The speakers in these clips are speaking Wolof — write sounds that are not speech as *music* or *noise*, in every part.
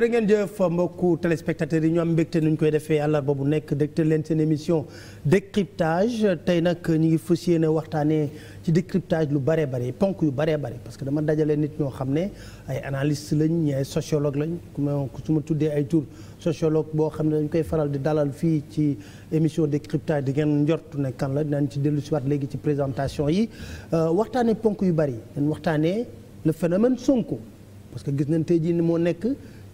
jërë ngeen jëf mbokku téléspectateurs yi ñu mbékte mbégte nu ñu koy defee àllarba bu nekk dégtal leen seen émission décryptage tey nag ñu ngi fas yéene waxtaanee ci décryptage lu bare bare ponk yu bare bare parce que dama dajale nit ñoo xam ne ay analyste lañ ñi ay sociologue lañ su ma tuddee ay tur sociologue boo xam ne dañ koy faral di dalal fii ci émission décryptage di ngeen njort ne kan la dinañ ci dellu si waat léegi ci présentation yi euh, waxtaane ponk yu bari dañ waxtaanee parce que gis nañ tey jii ni moo nekk.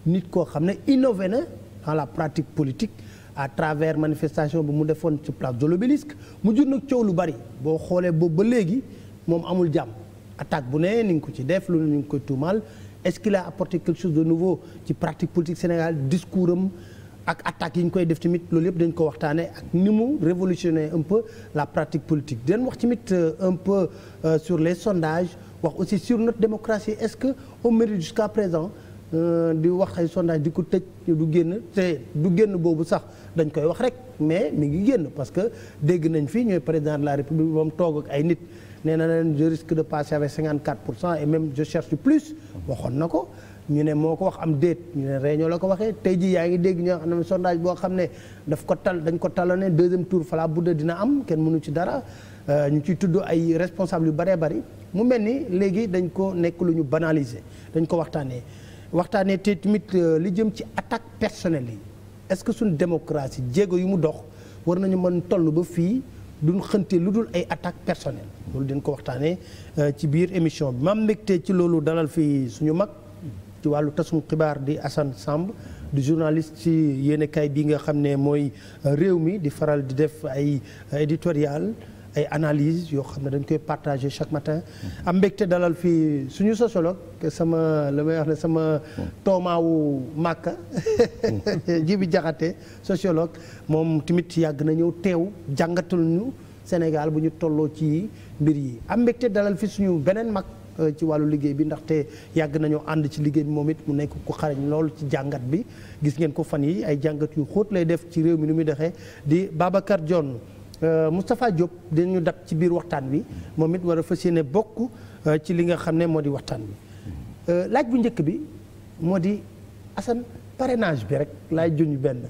nit koo xam ne innové na dans la pratique politique à travers manifestation bi mu defoon ci place de l'Obélisque mu jur nag coow lu bari boo xoolee boobu ba léegi moom amul jàmm attaque bu nee ni nga ko ci def lu ne ni nga ko tuumaal est-ce qu'il a apporté quelque chose de nouveau ci pratique politique Sénégal discours am ak attaques yi ñu koy def tamit loolu yëpp dañ ko waxtaanee ak ni mu révolutionner un peu la pratique politique den wax tamit euh, un peu euh, sur les sondages wax aussi sur notre démocratie est-ce que on mérite jusqu'à présent Euh, di wax ay sondage di ko tëj du génn te du génn boobu sax dañ koy wax rek mais mi ngi génn parce que dégg nañ fii ñooy président de la république ba toog ak ay nit nee na leen je risque de passer avec 54 pour cent et même je cherche plus waxoon na ko ñu ne moo ko wax am déet ñu ne réunion la ko waxee tey jii yaa ngi dégg ñoo xam ne sondage boo xam ne daf ko tal dañ ko talone deuxième tour fala budda dina am kenn mënu ci dara euh, ñu ciy tudd ay responsable yu bëree bëri mu mel ni léegi dañ ko nekk lu ñu banaliser dañ ko waxtaanee waxtaanee te tamit euh, li jëm ci attaque personnelle yi est-ce que suñu démocratie jéego yu mu dox war nañu mën toll ba fii du xënte lu dul ay attaque personnelle loolu dañ ko waxtaanee euh, ci biir émission bi maam mbégte ci loolu dalal fii suñu mag ci wàllu tasum xibaar di Assane Samb du journaliste ci yéenekaay bi nga xam ne mooy euh, réew mi di faral di def ay éditorial ay analyses yoo xam ne dañ koy partager chaque matin am mbégte dalal fii suñu sociologue sama la may wax ne sama toomaawu màkka *laughs* jibi jaxate sociologue moom tamit yàgg na ñëw teew jàngatul ñu Sénégal bu ñu tolloo ci mbir yi am mbégte dalal fi suñu beneen mag euh, ci wàllu liggéey bi ndaxte yàgg nañoo ànd ci liggéey bi moom it mu nekk ko xarañ lool ci jàngat bi gis ngeen ko fan yi ay jàngat yu xóot lay def ci réew mi nu muy doxee di Babacar Dione Euh, Moustapha Diop ñu dab ci biir waxtaan wi moom it war a fa yéene bokk euh, ci li nga xam ne moo di waxtaan wi euh, laaj bu njëkk bi moo di Assane parrainage bi rek laay juñ benn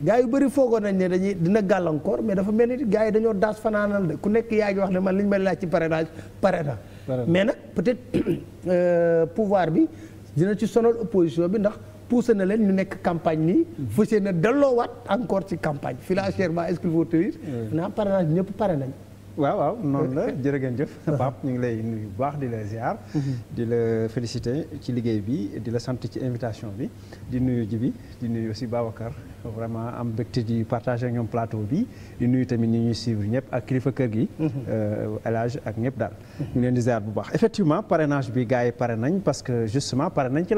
gaa yu bëri foogoon nañ ne dañuy dina gàllankoor mais dafa mel ni gaa yi dañoo daas fanaanal de ku nekk yaa ngi wax ne man li ñu may laaj ci parrainage pare na mais nag peut-être *coughs* pouvoir bi dina ci sonal opposition bi ndax poussé na leen ñu nekk campagne nii fas yéene delloowaat encore ci campagne financièrement est-ce qu'il faut tenir naa ñëpp pare nañ waaw waaw noonu la jërë ngeen jëf *laughs* Pape ñu ngi lay nuyu bu baax di la ziar. Mhm. di la féliciter ci liggéey bi di la sant ci invitation bi di nuyu Jibi di nuyu aussi Babacar vraiment am mbégte di partage ak ñoom plateau bi di nuyu tamit ñu ñuy suivre ñëpp ak kilifa kër gi. Mhm. Euh, El Hadj ak ñëpp daal. ñu leen di ziar bu baax effectivement parrainage bi gars yi pare nañ parce que justement pare nañ ci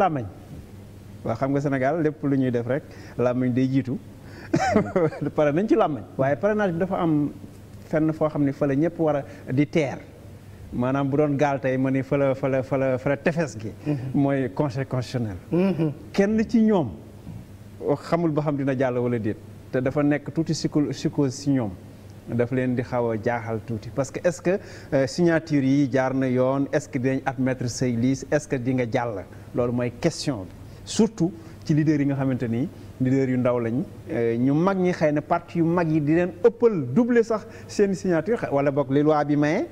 waa xam nga Sénégal lépp lu ñuy def rek làmmiñ day jiitu *laughs* pare nañ ci làmmiñ waaye parrainage bi dafa am fenn foo xam ne fële ñëpp war a di teer maanaam bu doon gaal tey ma ni fële fële fële fële tefes gi mm-hmm. mooy conseil constitutionnel mm-hmm. kenn ci ñoom xamul ba xam dina jàll wala déet te dafa nekk tuuti psychose si ñoom daf leen di xaw a jaaxal tuuti parce que est-ce que euh, signature yi jaar na yoon est-ce que dinañ admettre say liste est-ce que di nga jàll loolu mooy question surtout ci leader yi nga xamante ni leader yu ndaw lañ euh, ñu mag ñi xëy na parti yu mag yi di leen ëppal doubler sax seen signature wala boog li loi bi maye.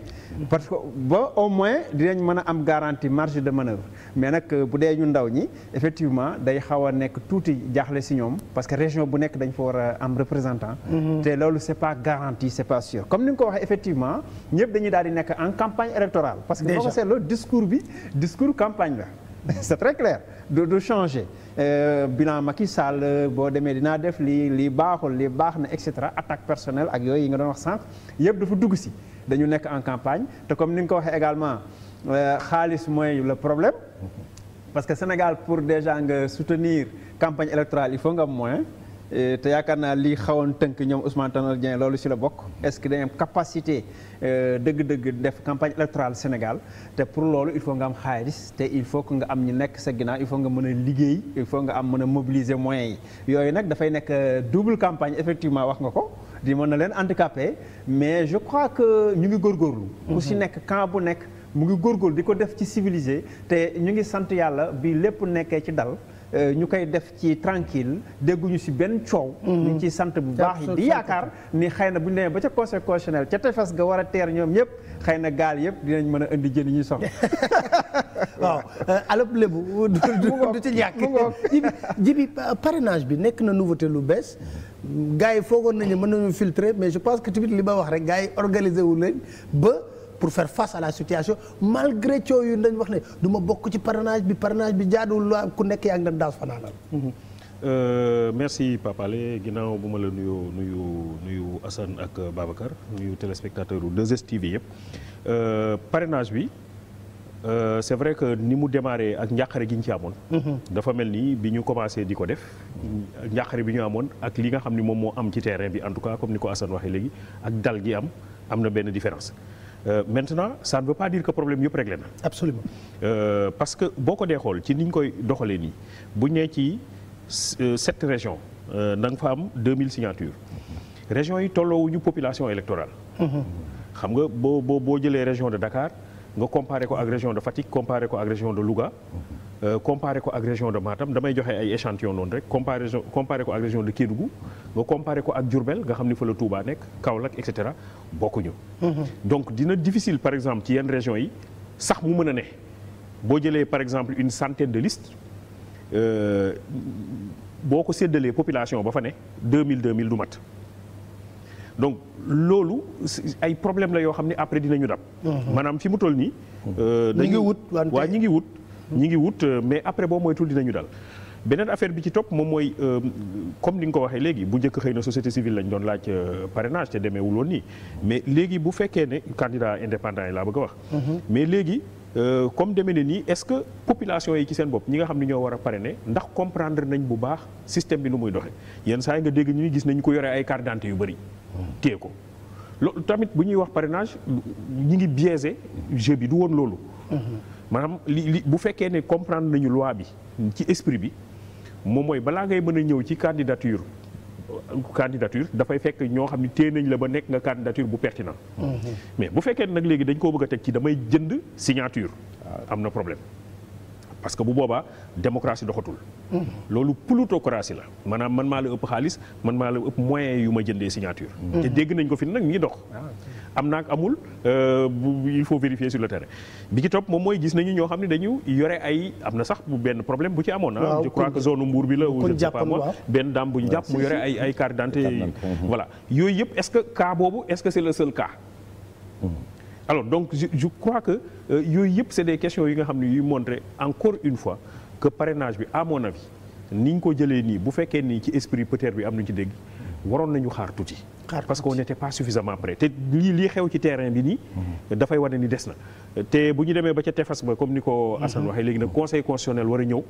parce que ba au moins dinañ mën a am garanti marge de manœuvre mais nag euh, bu dee ñu ndaw ñi effectivement day xaw a nekk tuuti jaaxle si ñoom parce que région bu nekk dañ fa war a am représentant. Mhm. te loolu c' est pas garanti c' est pas sûr comme ni nga ko waxee effectivement ñëpp dañuy daal di nekk en campagne électorale. parce que boo ko seetloo discours bi discours campagne la. *laughs* c'est très clair du du changer euh, bilan Macky Sall euh, boo demee dinaa def lii lii baaxul lii baax na et cetera attaque personnel ak yooyu yi nga doon wax sànq yëpp dafa dugg si dañu nekk en campagne te comme ni nga ko waxee également euh, xaalis mooy le problème parce que Sénégal pour déjà nga soutenir campagne électorale il faut nga am moyen. Eh, te yaakaar naa li xawoon tënk ñoom Ousmane Tanor Dieng loolu ci la bokk est-ce que dañu am capacité eh, dëgg-dëgg def campagne électorale Sénégal te pour loolu il faut nga am xaalis te il faut que nga am ñu nekk sa ginnaaw il faut nga mën a liggéey il faut nga am mën a mobiliser moyens yi yooyu nag dafay nekk euh, double campagne effectivement wax nga ko di mën na leen handicapé mais je crois que ñu ngi góorgóorlu ku si mhm. nekk camp bu nekk mu ngi góorgóorlu di ko def ci civilisé te ñu ngi sant yàlla bi lépp nekkee ci dal Euh, ñu koy def ci tranquille dégguñu si benn coow. Mm-hmm. ñu ngi sant bu baax yi di yaakaar ni xëy na bu ñu ba ca conseil constitutionnel ca tefes ga war a teer ñoom ñëpp xëy na gaal yëpp dinañ mën a indi jën yi ñuy soxla. *laughs* waaw euh, alëb lébu du ci ñàkk *laughs* jibi jibi parrainage bi nekk na nouveauté lu bees gars yi foogoon nañu mën nañu filtrer mais je pense que tamit li ba wax rek gaay yi organiser wu leen ba pour faire face à la situation malgré coow wax ne du ma bokk ci parrainage bi parrainage bi jaaduwul loo ku nekk yaa ngi leen daas fanaanal mhm. euh, merci Papa ginnaaw bu ma la nuyoo nuyu nuyu Assane ak Babacar nuyu téléspectateur u 2STV yëpp euh, bi Euh, c'est vrai que ni mu démarré ak njàqare gi ñu ci amoon. Mhm. dafa mel ni bi ñu commencé di ko def. njàqare bi ñu amoon ak li nga xam ni moom moo am ci terrain bi en tout cas comme ni ko Assane waxee léegi ak dal gi am am na benn différence. Euh, maintenant ça ne veut pas dire que problème yëpp réglé na. absolument euh, parce que boo ko dee xool ci ni ñu koy doxalee nii bu ñu ci euh, sept régions na fa am 2000 signatures régions yi tolloowuñu population électorale. Mm-hmm. xam nga boo boo boo jëlee région de Dakar. nga comparé ko ak de Fatick comparé ko ak de Louga euh, comparé ko ak de maatam damay joxe ay échantillon noonu rek comparaison comparé ko ak région de Kédougou nga ko ak Diourbel nga xam ni fa la Touba nekk Kaolack et cetera bokkuñu. Mm-hmm. donc dina difficile par exemple ci yenn région yi sax mu mën a ne boo jëlee par exemple une centaine de listes euh, boo ko séddalee population ba fa ne 2000 2000 du mat. donc loolu ay problème la yoo xam ne après dinañu dab. Mhm. maanaam fi mu toll nii. Mhm. Euh, dañu ngi wut waa ñi ngi wut. Mhm. ñi ngi wut euh, mais après boo moytul dinañu dal. beneen affaire bi ci topp moom mooy euh, comme ni nga ko waxee léegi bu njëkk xëy na société civile lañ doon laaj parrainage te demeewul woon nii mais léegi bu fekkee ne candidat indépendant yi laa bëgg a wax. mais léegi Euh, comme deme ne nii est-ce que population yi ci seen bopp ñi nga xam ne ñoo war a parrainer ndax comprendre nañ bu baax système bi nu muy doxe yenn saa yi nga dégg ñu gis nañ ko yore ay carte yu bari téye ko loolu tamit bu ñuy wax parrainage ñi ngi biaisé jeu bi du woon loolu maanaam li li bu fekkee ne comprendre nañu loi bi ci esprit bi moom mooy balaa ngay mën a ñëw ci candidature candidature dafay fekk ñoo xam ne téye nañ la ba nekk nga candidature bu pertinent mhm. mais bu fekkee nag léegi dañ ko bëgg a teg ci damay jënd signature ah. am na problème parce que bu boobaa démocratie doxatul loolu plutocratie la maanaam man maa la ëpp xaalis man maa la ëpp moyen yu ma jëndee signature mm-hmm. te dégg nañ ko fi nag mi ngi dox ah, am naak amul euh, il faut vérifier sur le terrain bi ci topp moom mooy gis nañu ñoo xam ne dañu yore ay am na sax bu benn problème bu ci amoon ah je crois que zone mbuur bi la ou je ne sais pas moi benn daam bu ñu jàpp mu yore ay ay carte d'identité mm-hmm. voilà yooyu yëpp est-ce que cas boobu est-ce que c'est le seul cas mm-hmm. alors donc je crois que euh, yooyu yëpp c'est des questions yi nga xam ne yuy montrer encore une fois que parrainage bi amoon mon avis ni ñu ko jëlee nii bu fekkee nii ci esprit peut bi am nañu ci dégg waroon nañu xaar tuuti. parce que on n'était pas suffisamment prêt te lii lii xew ci terrain bi nii. Mhm. dafay wane ni des na. te bu ñu demee ba ca tefes ba comme ni ko Assane mhm. waxee léegi nag conseil constitutionnel war a ñëw.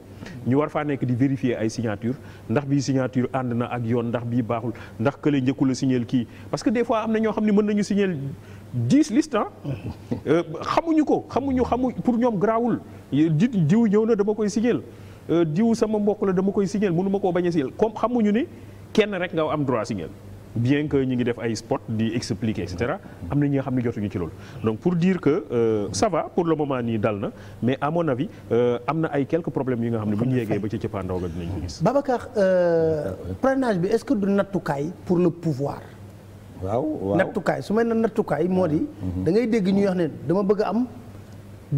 ñu war faa nekk di vérifier ay signature ndax bii signature ànd na ak yoon ndax bi baaxul ndax kële njëkkul a signal kii parce que des fois am na ñoo xam ne mën nañu signal dix listes ah. xamuñu ko xamuñu xamuñ pour ñoom garaawul di diw ñëw na dama koy signal euh, diw sama mbokk la dama koy signal mënu ma koo bañ a signal comme xamuñu ni kenn rek nga am droit signal bien que ñu ngi def ay spot di expliquer et cetera am na ñi nga xam ne jotuñu ci loolu donc pour dire que euh, pour le moment nii dal na mais à mon avis euh, am na ay quelques problème yi nga xam ne bu ñu yeggee ba ci cëppaandaw ga dinañ ko gis. Babacar parrainage bi est-ce que du nattukaay pour le pouvoir. waaw waaw nattukaay su may na nattukaay moo di. da ngay dégg ñuy wax ne dama bëgg am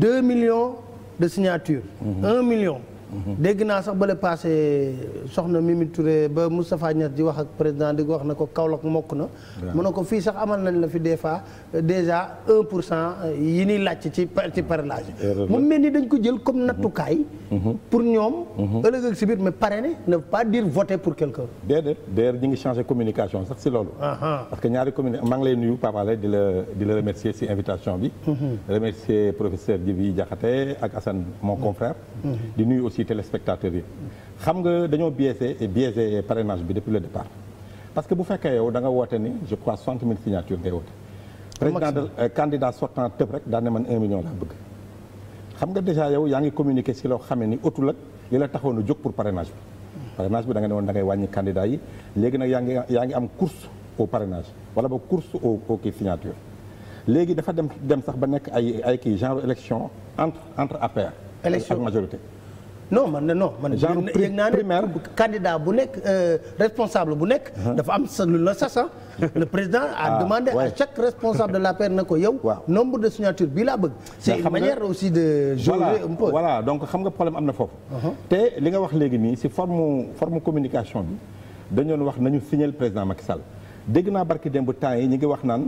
2 millions de signature. 1 mhm. million. dégg naa sax bale paase euh, soxna Mimi Touré ba Moustapha Niass di wax ak président di wax na ko Kaolack mokk na. mu ne ko fii sax amal nañ la fi des fois euh, déjà 1 pour cent euh, yi ñuy laajte ci ci parrainage. mu mel ni dañ ko jël comme nattukaay. Mm-hmm. Mm-hmm. pour ñoom. Mm-hmm. ëllëg ak si biir mais parrainer ne pas dire voter pour quelqu'un. déedéet d'ailleurs ñu ngi changé communication sax si loolu. parce que ñaari communi maa ngi lay nuyu Papa Lay di la di la remercier si invitation bi. remercier professeur Djibi Diakhaté ak Assane mon confrère. aussi téléspectateurs yi xam nga dañoo biaisé et biaisé bi depuis le départ parce que bu fekkee yow da nga woote ni je crois 60 000 signatures ngay woote président de euh, candidat sortant tëb rek daan man 1 million laa bëgg xam nga déjà yow yaa ngi communiqué si loo xamee ni otul ak li la taxoon a jóg pour parrainage bi parrainage bi da nga ne woon da ngay wàññi candidat yi léegi nag yaa ngi yaa ngi am course au parrainage wala ba course au au signature léegi dafa dem dem sax ba nekk ay ay kii genre élection entre entre APR élection ak non man non man. genre primaire candidat bu nekk euh, responsable bu nekk. Uh-huh. dafa am sa lu la sas *laughs* le président a ah, demandé à chaque responsable de l'APR na ko *laughs* yow. nombre de signature bi laa bëgg. c'est une manière aussi de. jouer un peu voilà donc xam nga problème am na foofu. Uh-huh. te li nga wax léegi nii si forme forme communication bi dañoon wax nañu signer le président Macky Sall dégg naa barki démb temps yi ñu ngi wax naan.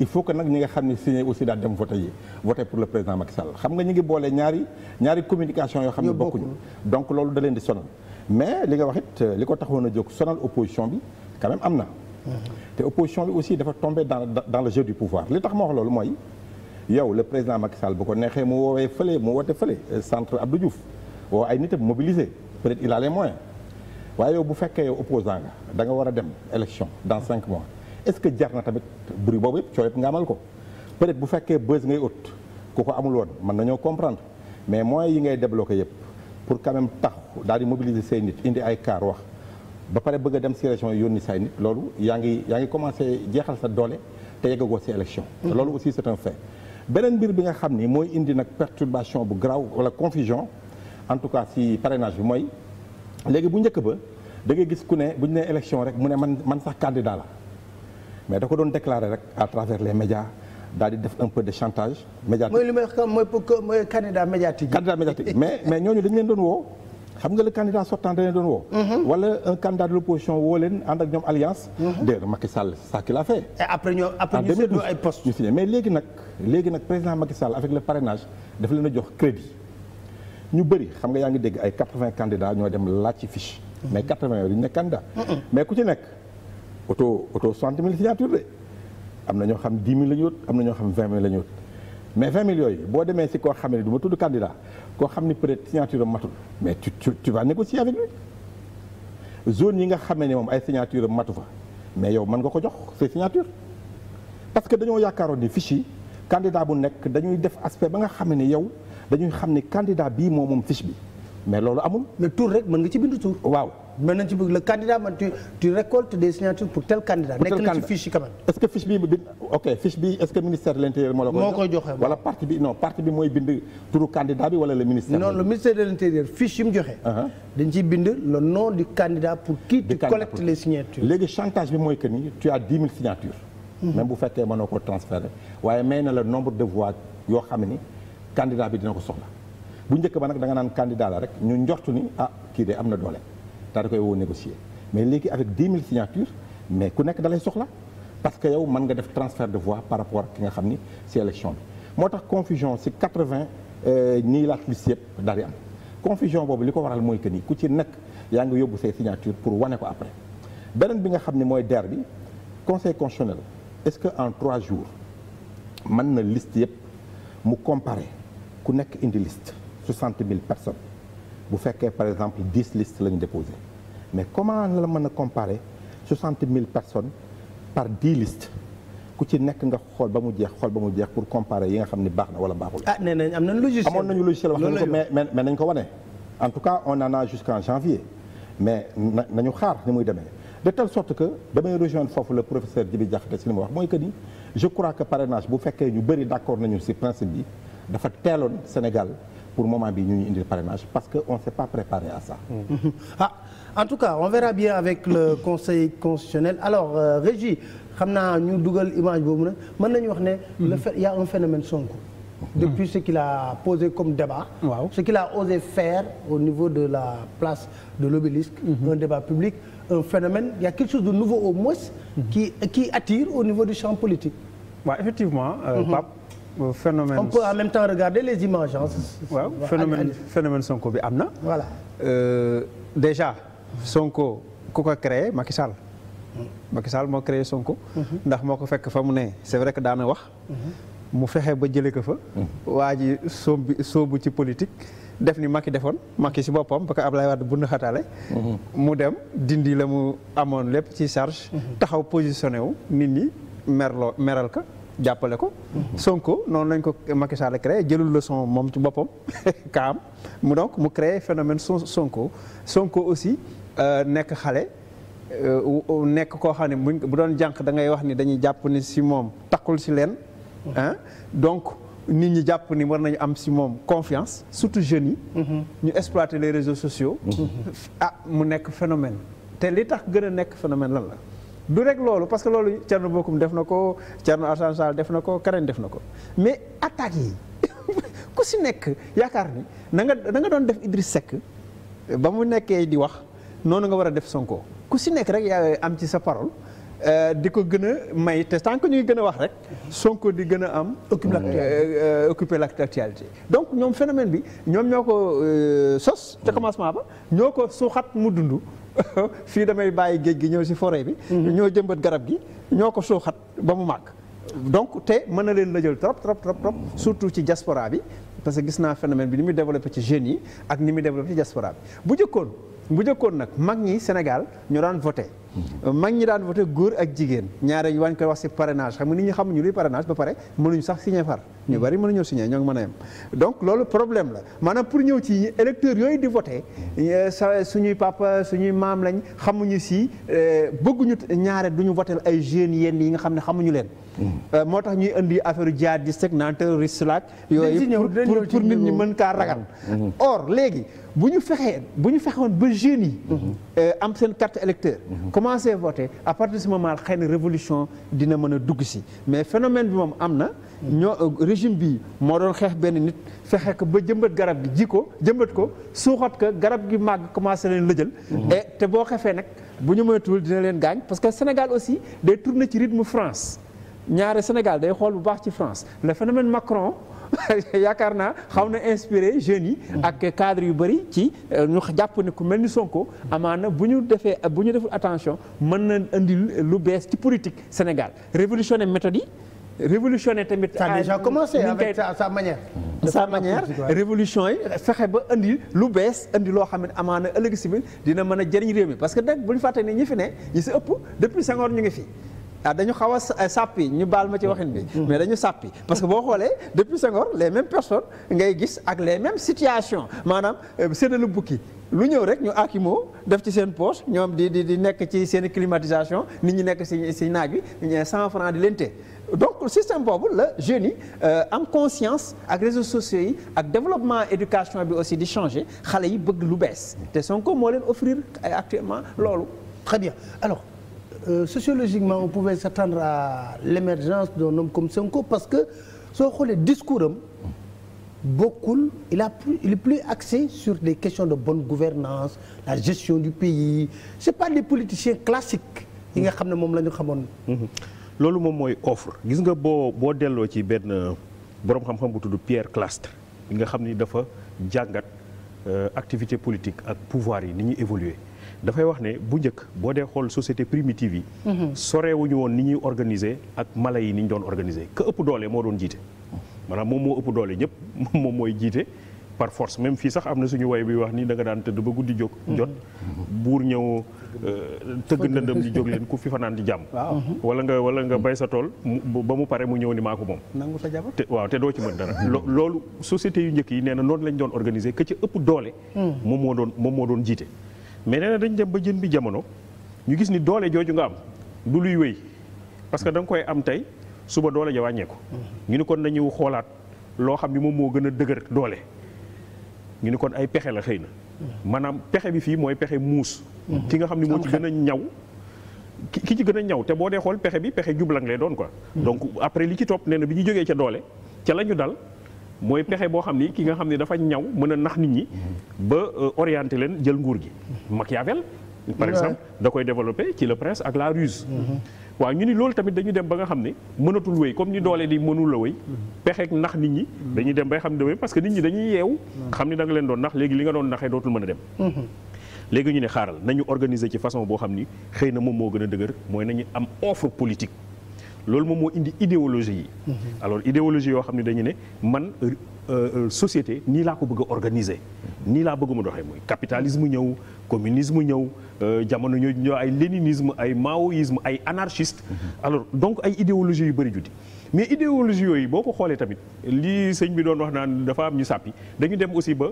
il faut que nag ñi nga xam ne signé aussi daal dem voté yi voté pour le président Macky Sall xam nga ñu ngi boole ñaari ñaari communication yoo xam ne bokkuñu donc loolu da leen di sonal mais li nga wax li ko taxawoon a jóg sonal opposition bi quand am na mhm. te opposition bi aussi dafa tombé dans dans le jeu du pouvoir li tax ma wax loolu mooy yow le président Macky Sall bu ko neexee mu woowee fële mu woote fële centre Abdou Diouf oo ay nitam mobilisé peut-être il a les moyens waaye yow bu fekkee yow opposant nga war a dem élection dans cinq mois est ce que jar na tamit bruit boobu yëpp coow yëpp nga amal ko peut être bu fekkee bës ngay ut ku ko amul woon mën nañoo comprendre mais moyens yi ngay débloqué yëpp pour quand tax daal di mobiliser say nit indi ay kaar wax ba pare bëgg a dem si région yónni say nit loolu yaa ngi yaa ngi commencé jeexal sa doole te yeggagoo si élection mm-hmm. loolu aussi c'est un fait beneen mbir bi nga xam ni mooy indi nag perturbation bu graw wala confusion en tout cas si parrainage bi mooy léegi bu njëkk ba da gis ku ne bu ñu nee élection rek mu ne man man sax candidat la mais da ko doon déclarer rek à travers les médias daal def un peu de chantage. médiatique mais mais ñooñu dañu leen doon woo xam nga le candidat sortant dañu leen doon woo. Mm-hmm. wala un candidat de l'opposition woo leen ànd ak ñoom alliance. Mm-hmm. d'ailleurs Macky Sall ça qu'il a fait. après ñu séddoo ay postes ñu signé mais léegi nag léegi nag président Macky Sall avec le parrainage daf leen a jox crédit ñu bëri xam nga yaa ngi dégg ay 80 candidats ñoo dem laaj ci fiche. Mm-hmm. mais 80 oto oto soixante mille signature de am na ñoo xam dix mille la ñu am na ñoo xam vingt mille la ñu mais vingt mille yooyu boo demee si koo xam ne du ma tudd candidat koo xam ni peut être signature am matul mais tu tu tu vas négocier avec lui zone yi nga xamee ne moom ay signature am matu fa mais yow mën nga ko jox say signature parce que dañoo yaakaaroon ni fiche yi candidat bu nekk dañuy def aspect ba nga xam ne yow dañuy xam ne candidat bii moo moom fiche bi mais loolu amul. mais rek mën ci bindu tur. waaw. mën nañ ci bëgg le candidat man tu tu récoltes des signatures pour tel candidat. pour tel candidat nekk na ci fiche yi quand est ce que fiche bi ok fiche bi est ce que ministère de l' intérieur moo la koy. moo koy joxe wala parti bi non parti bi mooy bind turu candidat bi wala le ministère. non le fiche yi mu joxe. Uh-huh. dañ ciy bind le nom du candidat pour qui tu collectes les signatures. léegi chantage bi mooy que ni tu as dix mille signatures. Mm-hmm. même bu fekkee mënoo ko transféré waaye may na le nombre de voix yoo bi dina ko soxla bu njëkk ba nag da naan candidat rek ñu njortu ni ah kii de am na doole daal di koy woo négocier mais léegi avec 10 000 signatures mais ku nekk dalay lay soxla parce que yow mën nga def transfert de voix par rapport ak ki nga xam ni si élection bi moo tax confusion si 80 ñii laat liste yëpp daal di am confusion boobu li ko waral mooy que ni ku ci nekk yaa ngi yóbbu say signature pour wane ko après beneen bi nga xam ne mooy DER bi conseil constitutionnel est-ce que en trois jours mën na liste yëpp mu comparer ku nekk indi liste 60 000 personnes bu fekkee par exemple dix listes la ñu déposé mais comment la mën a comparer soixante mille personnes par dix listes ku ci nekk nga xool ba mu jeex xool ba mu jeex pour comparer yi nga xam ni baax na wala baaxul. ah nee nañ am nañ logiciel amoon nañu logiciel ko mais mais nañ ko wane. en tout cas on en a jusqu'en janvier mais na nañu xaar ni muy demee de telle sorte que damay rejoindre foofu la professeur Djibi Diakhaté si li mu wax mooy que ni je crois que parrainage bu fekkee ñu bëri d'accord nañu si principe bi dafa teeloon Sénégal. pour moment bi ñu ñu indil parrainage parce que on s'est pas préparé à ça. Mm. *laughs* ah en tout cas on verra bien avec le *laughs* conseil constitutionnel alors euh, Régis xam naa ñu dugal image boobu nag mën nañu wax ne. Mm. le fait y a un phénomène Sonko. Mm. depuis ce qu'il a posé comme débat. waaw ce qu'il a osé faire au niveau de la place de l'obélisque -hmm. un débat public un phénomène il y a quelque chose de nouveau au moins. -hmm. qui qui attire au niveau du champ politique. waaw effectivement. Euh, -hmm. Euh, phénomène on peut même temps regarder les images. waaw phénomène phénomène Sonko bi am na. voilà euh, déjà Sonko ku ko créé Macky Sall. Mm-hmm. Macky Sall moo créé Sonko. Mm-hmm. ndax moo ko fekk fa mu ne c'est vrai que daana wax. Mm-hmm. mu fexe ba jëlee ko fa. waa ji sóobu sóobu ci politique. def ni Macky defoon maki si boppam parce que Ablaye Wade bu xataale mu dem dindi la mu amoon lépp ci charge. taxaw positionné wu nit ñi merloo meral ka jàppale ko. Sonko noonu lañ ko Macky Sall créé jëlul leçon moom ci boppam *laughs* kaam mu donc mu créé phénomène Sonko Sonko aussi euh, nekk xale. Euh, nekk koo xam ne buñ bu doon jànq da ngay wax ni dañuy jàpp ni si moom takkul si leen. donc nit ñi jàpp ni war nañu am si moom confiance surtout jeunes yi. Mhm. ñu exploiter les réseaux sociaux. Mhm. ah mu nekk phénomène te li tax gën a nekk phénomène lan la. du rek loolu parce que loolu Thierno Bocoum def na ko Thierno Alassane Sall def na ko Karen def na ko mais attaques yi *laughs* ku si nekk yaakaar ni na nga na nga doon def Idriss Seck ba mu nekkee di wax noonu nga war a def Sonko ku si nekk rek yaa am ci sa parole euh, di ko gën a may te tant que ñu gën a wax rek Sonko di gën a am. Mm-hmm. Euh, occuper l'actualité donc ñoom phénomène bi ñoom ñoo ko euh, sos. ca commencement ba ñoo ko suuxat mu dund. *laughs* fii damay bàyyi géej gi ñëw si forêt bi. Mhm. ñoo jëmbat garab gi ñoo ko suuxat ba mu màgg. donc te mën na leen la jël trop trop trop trop surtout ci diaspora bi parce que gis naa phénomène bi ni muy développé ci jeunes yi ak ni muy développé ci diaspora bi bu njëkkoon bu njëkkoon nag mag ñi Sénégal ñoo daan voté. mag ñi daan voté góor ak jigéen ñaare wañ koy wax si parrainage xam nga nit ñi xamuñu luy parrainage ba pare mënuñu sax signé far ñu bari mënuñoo signé ñoo ngi mën a yem donc loolu problème la maanaam pour ñëw ci électeurs yooyu di voté eh, sa suñuy papa suñuy maam lañ xamuñu si eh, bëgguñu ñaare duñu voté ay jeunes yenn yi nga xam ne xamuñu leen eh, moo tax ñuy indi affaire jihadiste ak naan terroriste laak yooyu pour pour nit ñi mën kaa ragal mm-hmm. or léegi bu ñu fexee bu ñu ba jeunes yi mm-hmm. am seen commencé voter à partir de xëy na révolution dina mën a dugg si mais phénomène bi moom am na. ñoo régime bi moo doon xeex benn nit fexe ko ba jëmbat garab gi ji ko jëmbat ko suuxat ko garab gi màgg commencé leen lëjal. Mhm. et te boo xefee nag bu ñu moytuwul dina leen gaañ parce que Sénégal aussi day tourner ci rythme France ñaare Sénégal day xool bu baax ci France le phénomène Macron. *laughs* yaakaar naa xaw na inspiré jeunes yi. ak cadre yu bëri ci euh, ñu jàpp ne ku mel ni Sonko. amaana bu ñu defee bu ñu deful attention mën na indi lu bees ci politique Sénégal révolutionné méthode yi. révolutionné tamit. ça a déjà euh, commencé avec sa manière. sa manière révolution yi fexe ba indi lu bees indi loo xam ne amaana ëllëg si biir dina mën a jëriñ réew mi parce que nag bu ñu fàtte ne ñi fi ne ñi si ëpp depuis Senghor ñu ngi fi. ah dañu xaw a eh, sàppi ñu baal ma ci waxin bi. Mm-hmm. mais dañu sàppi parce que boo xoolee depuis Senghor les mêmes personnes ngay gis ak les mêmes situations maanaam euh, séddalu bukki lu ñëw rek ñu akimoo def ci seen poche ñoom di di di nekk ci seen climatisation nit ñu nekk si si naaj bi cent franc di lente donc système boobu la jeunes yi euh, am conscience ak réseaux sociaux yi ak développement éducation bi aussi di changer xale yi bëgg lu bees te Sonko moo leen offrir actuellement loolu. très bien alors. euh, sociologiquement on sa s'attendre à l'émergence d'un homme comme Sonko parce que soo xoolee discours am bokkul il a plus plus axé sur des questions de bonne gouvernance la gestion du pays c'est pas des politiciens classiques yi nga xam ne moom la ñu xamoon mhm. loolu moom mooy offre gis nga boo boo delloo ci benn boroom xam-xam bu tudd Pierre Clastre bi nga xam ni dafa jàngat euh, activité politique ak pouvoir yi ni ñuy évoluer dafay wax ne bu njëkk boo dee xool société primitive yi. Mhm. soreewuñu woon ni ñuy organiser ak mala yi ni ñu doon organiser ka ëpp doole moo doon jiite. maanaam moom moo ëpp doole ñëpp *laughs* moom mooy jiite. par force même fii sax am na suñu way bi wax ni da nga daan tëdd ba guddi jóg. Mhm. jot buur ñëw euh, tëgg ndëndëm di jóg leen ku fi fanaan di jàmm. Mhm. wala nga wala nga bay sa tool ba mu pare mu ñëw ni maa ko moom. nangu sa te waaw doo ci mën dara. loolu société yu njëkk yi nee na noonu lañ doon organiser que ëpp doole. moom moo doon moom moo doon jiite. mais nee na dañ dem ba jën bi jamono ñu gis ni doole jooju nga am du luy wéy parce que da koy am tey suba doole ja wàññeeku. ñu ni kon nañu xoolaat loo xam ni moom moo gën a dëgër doole ñu ni kon ay pexe la xëy na maanaam pexe bi fii mooy pexe muus. ki nga xam ni moo ci gën a ñaw. ki ci gën a ñaw te boo dee xool pexe bi pexe jublang lay doon ko mm. donc après li ci topp nee na bi ñu jógee ca doole ca la ñu dal. mooy pexe boo xam ni ki nga xam ne dafa ñaw mën a nax nit ñi ba euh, orienté leen jël nguur gi Machiavel par exemple da koy développé ci la prince ak la ruse mm-hmm. waaw ñu ni loolu tamit dañu dem ba nga xam ne mënatul wéy comme ni doole di mënul la wéy mm-hmm. pexeek nax nit ñi mm-hmm. dañuy dem bay xam ne parce que nit ñi dañuy yeew xam ni da nga leen doon nax léegi li nga doon naxee dootul mën a dem léegi ñu ne xaaral nañu organiser ci façon boo xam ni xëy na moom moo gën a dëgër mooy nañu am loolu moom moo indi idéologie yi mhm. alors idéologie yoo xam ne dañu ne man euh, euh, société nii laa ko bëgg a organiser nii laa bëgg mu doxee mooy capitalisme ñëw communisme ñëw euh, jamono ñoo ñëw ay léninisme ay maoïsme ay anarchiste mhm. alors donc ay idéologie yu bëri juddi mais idéologie yooyu boo ko xoolee tamit lii sëñ bi doon wax naa dafa am ñu sàppi dañu dem aussi ba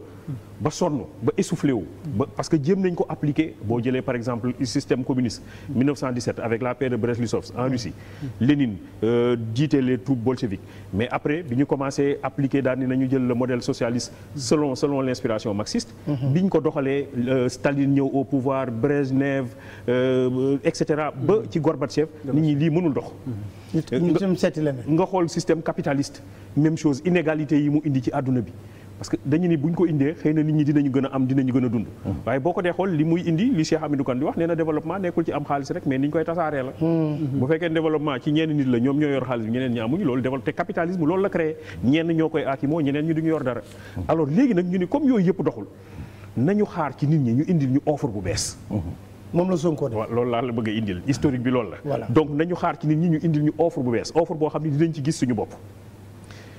ba sonn ba essoufflé wu. ba parce que jëm nañ ko appliquer boo jëlee par exemple système communiste. 1917 avec la paix de Brest-Litovsk en Russie. Lénine euh, jiite euh, les troupes bolcheviques mais après bi ñu commencé appliquer daal ni nañu jël le modèle socialiste selon selon l'inspiration marxiste. Mhm. bi ñu ko doxalee Staline ñëw au pouvoir Brejnev euh, et cetera ba ci Gorbatchev. nit ñi lii mënul dox. ñu euh, nga xool système capitaliste même chose inégalité yi mu indi ci àdduna bi parce que dañu ni bu ñu ko indee xëy na nit ñi dinañu gën a am dinañu gën a dund waaye boo ko dee xool li muy indi li Cheikh Hamidou Kane di wax nee na développement nekkul ci am xaalis rek mais ni ñu koy tasaaree la hmm. bu fekkee développement ci ñenn nit la ñoom ñoo yor xaalis bi ñeneen ñi amuñu loolu développe te loolu la créé ñenn ñoo koy aakimoo ñeneen ñi duñu yor dara alors léegi nag ñu ni comme yooyu yëpp doxul nañu xaar ci nit ñi ñu indil ñu offre bu bees hmm. moom la Sonko def loolu laa la bëgg a indil historique bi loolu la. voilà donc nañu xaar ci nit ñi ñu indil ñu offre bu bees offre boo xam ne dinañ ci gis suñu bopp.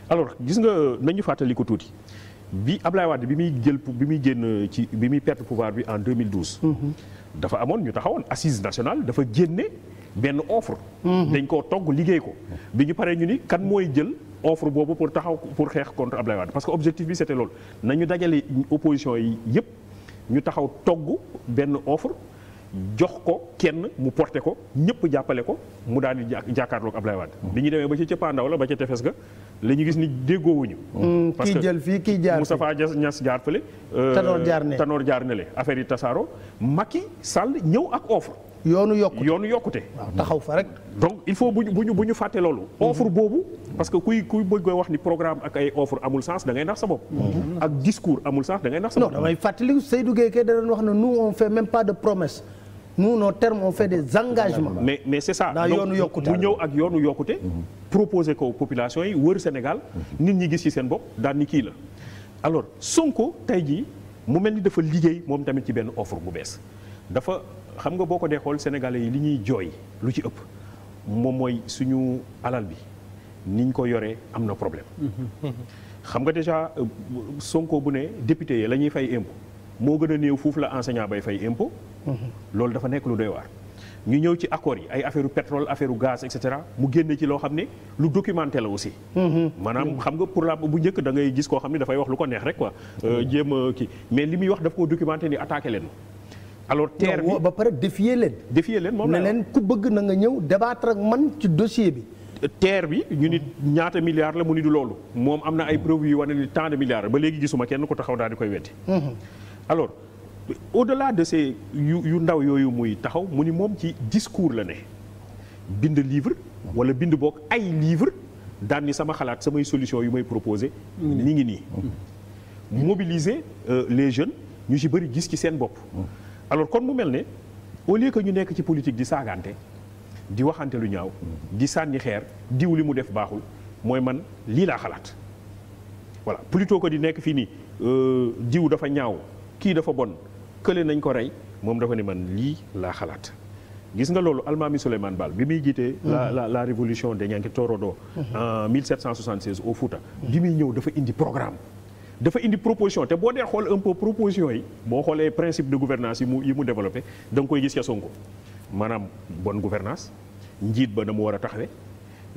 alors gis nga nañu fàttali ko tuuti bi Ablaye Wade bi muy jël bi muy génn ci bi muy perte pouvoir bi en 2012. Mm-hmm. dafa amoon ñu taxawoon assise nationale dafa génne benn offre. Mm-hmm. dañ koo togg liggéey ko. bi ñu paree ñu ni kan mooy jël. offre boobu pour taxaw pour xeex contre Ablaye Wade parce que objectif bi c'était lool nañu dajale opposition yi yëpp ñu taxaw togg benn offre. jox ko kenn mu porte ko ñëpp jàppale ko mu daal di jàkkaarloog Ablaye Wade. Mm. bi ñu demee ba ci cëppaandaw la ba ca tefes ga la ñu gis ni déggoowuñu mm. parce que kii jël fii kii jaar fii Moustapha Niass jaar fële. Euh, Tanor jaar ne Tanor jaar ne le affaire yi tasaaro Macky Sall ñëw ak offre. yoonu yokkute yoonu yokkute. waaw taxaw fa rek. donc il faut bu ñu bu ñu bu ñu fàtte loolu. Mm-hmm. offre boobu parce que kuy kuy bëgg koy wax ni programme ak ay offre amul sens da nax sa bopp. Mm-hmm. ak discours amul sens da nax sa bopp. non damay fàttali Seydou Guèye kay da doon wax ne nous on nous nos termes on fait mais mais c'est saa daa yoonu yokkute mu ñëw ak yoonu yokkute. proposer ko population yi wër Sénégal. nit ñi gis ci seen bopp daan ni kii la. alors Sonko tey jii mu mel ni dafa liggéey moom tamit ci benn offre bu bees dafa xam nga boo ko dee xool sénégalais yi li ñuy jooy lu ci ëpp moom mooy suñu alal bi niñ ko yoree am na problème. xam nga déjà euh, Sonko bu ne député yi la ñuy fay impôt moo gën a néew foofu la enseignant bay fay impôt. loolu dafa nekk lu doy waar. ñu ñëw ci accord yi ay affaire pétrole affaire gaz et mu génne ci loo xam ne lu documenté la aussi. maanaam xam nga pour la bu njëkk da ngay gis koo xam ne dafay wax lu ko neex rek quoi. Euh, jéem a mais li muy wax daf koo documenté ni attaqué leen. alors terre bi ba pare défier leen. défier leen moom ne leen ku bëgg na nga ñëw débattre ak man ci dossier bi. Euh, teer bi ñu nit ñaata milliards la mu ni du loolu moom am na ay preuves yu wane ni tant ba léegi gisuma kenn ku taxaw daal di koy weddi. au-delà de de ces yu yu ndaw yooyu muy taxaw mu ni moom ci discours la ne bind livre wala bind boog ay livre daan ni sama xalaat samay solution yu may proposé ni ngi nii mm. mobiliser euh, les jeunes ñu ci bëri gis ci seen bopp mm. alors kon mu mel ne au lieu que ñu nekk ci politique di saagante di waxante lu ñaaw mm. di sànni xeer diw li mu def baaxul mooy man lii laa xalaat voilà plutôt que di nekk fii nii euh, diw dafa ñaaw kii dafa bon kële nañ ko rey moom dafa ne man lii laa xalaat gis nga loolu Almaami Souleymane Baal bi muy jiitee la mhm. la la révolution des Nianki-Torodo mhm. en 1776 au Fouta mhm. bi muy ñëw dafa indi programme dafa indi proposition te boo dee xool un peu proposition yi boo xoolee principe de gouvernance yi mu yi mu développé danga koy gis ca Sonko maanaam bon gouvernance njiit ba na mu war a taxawee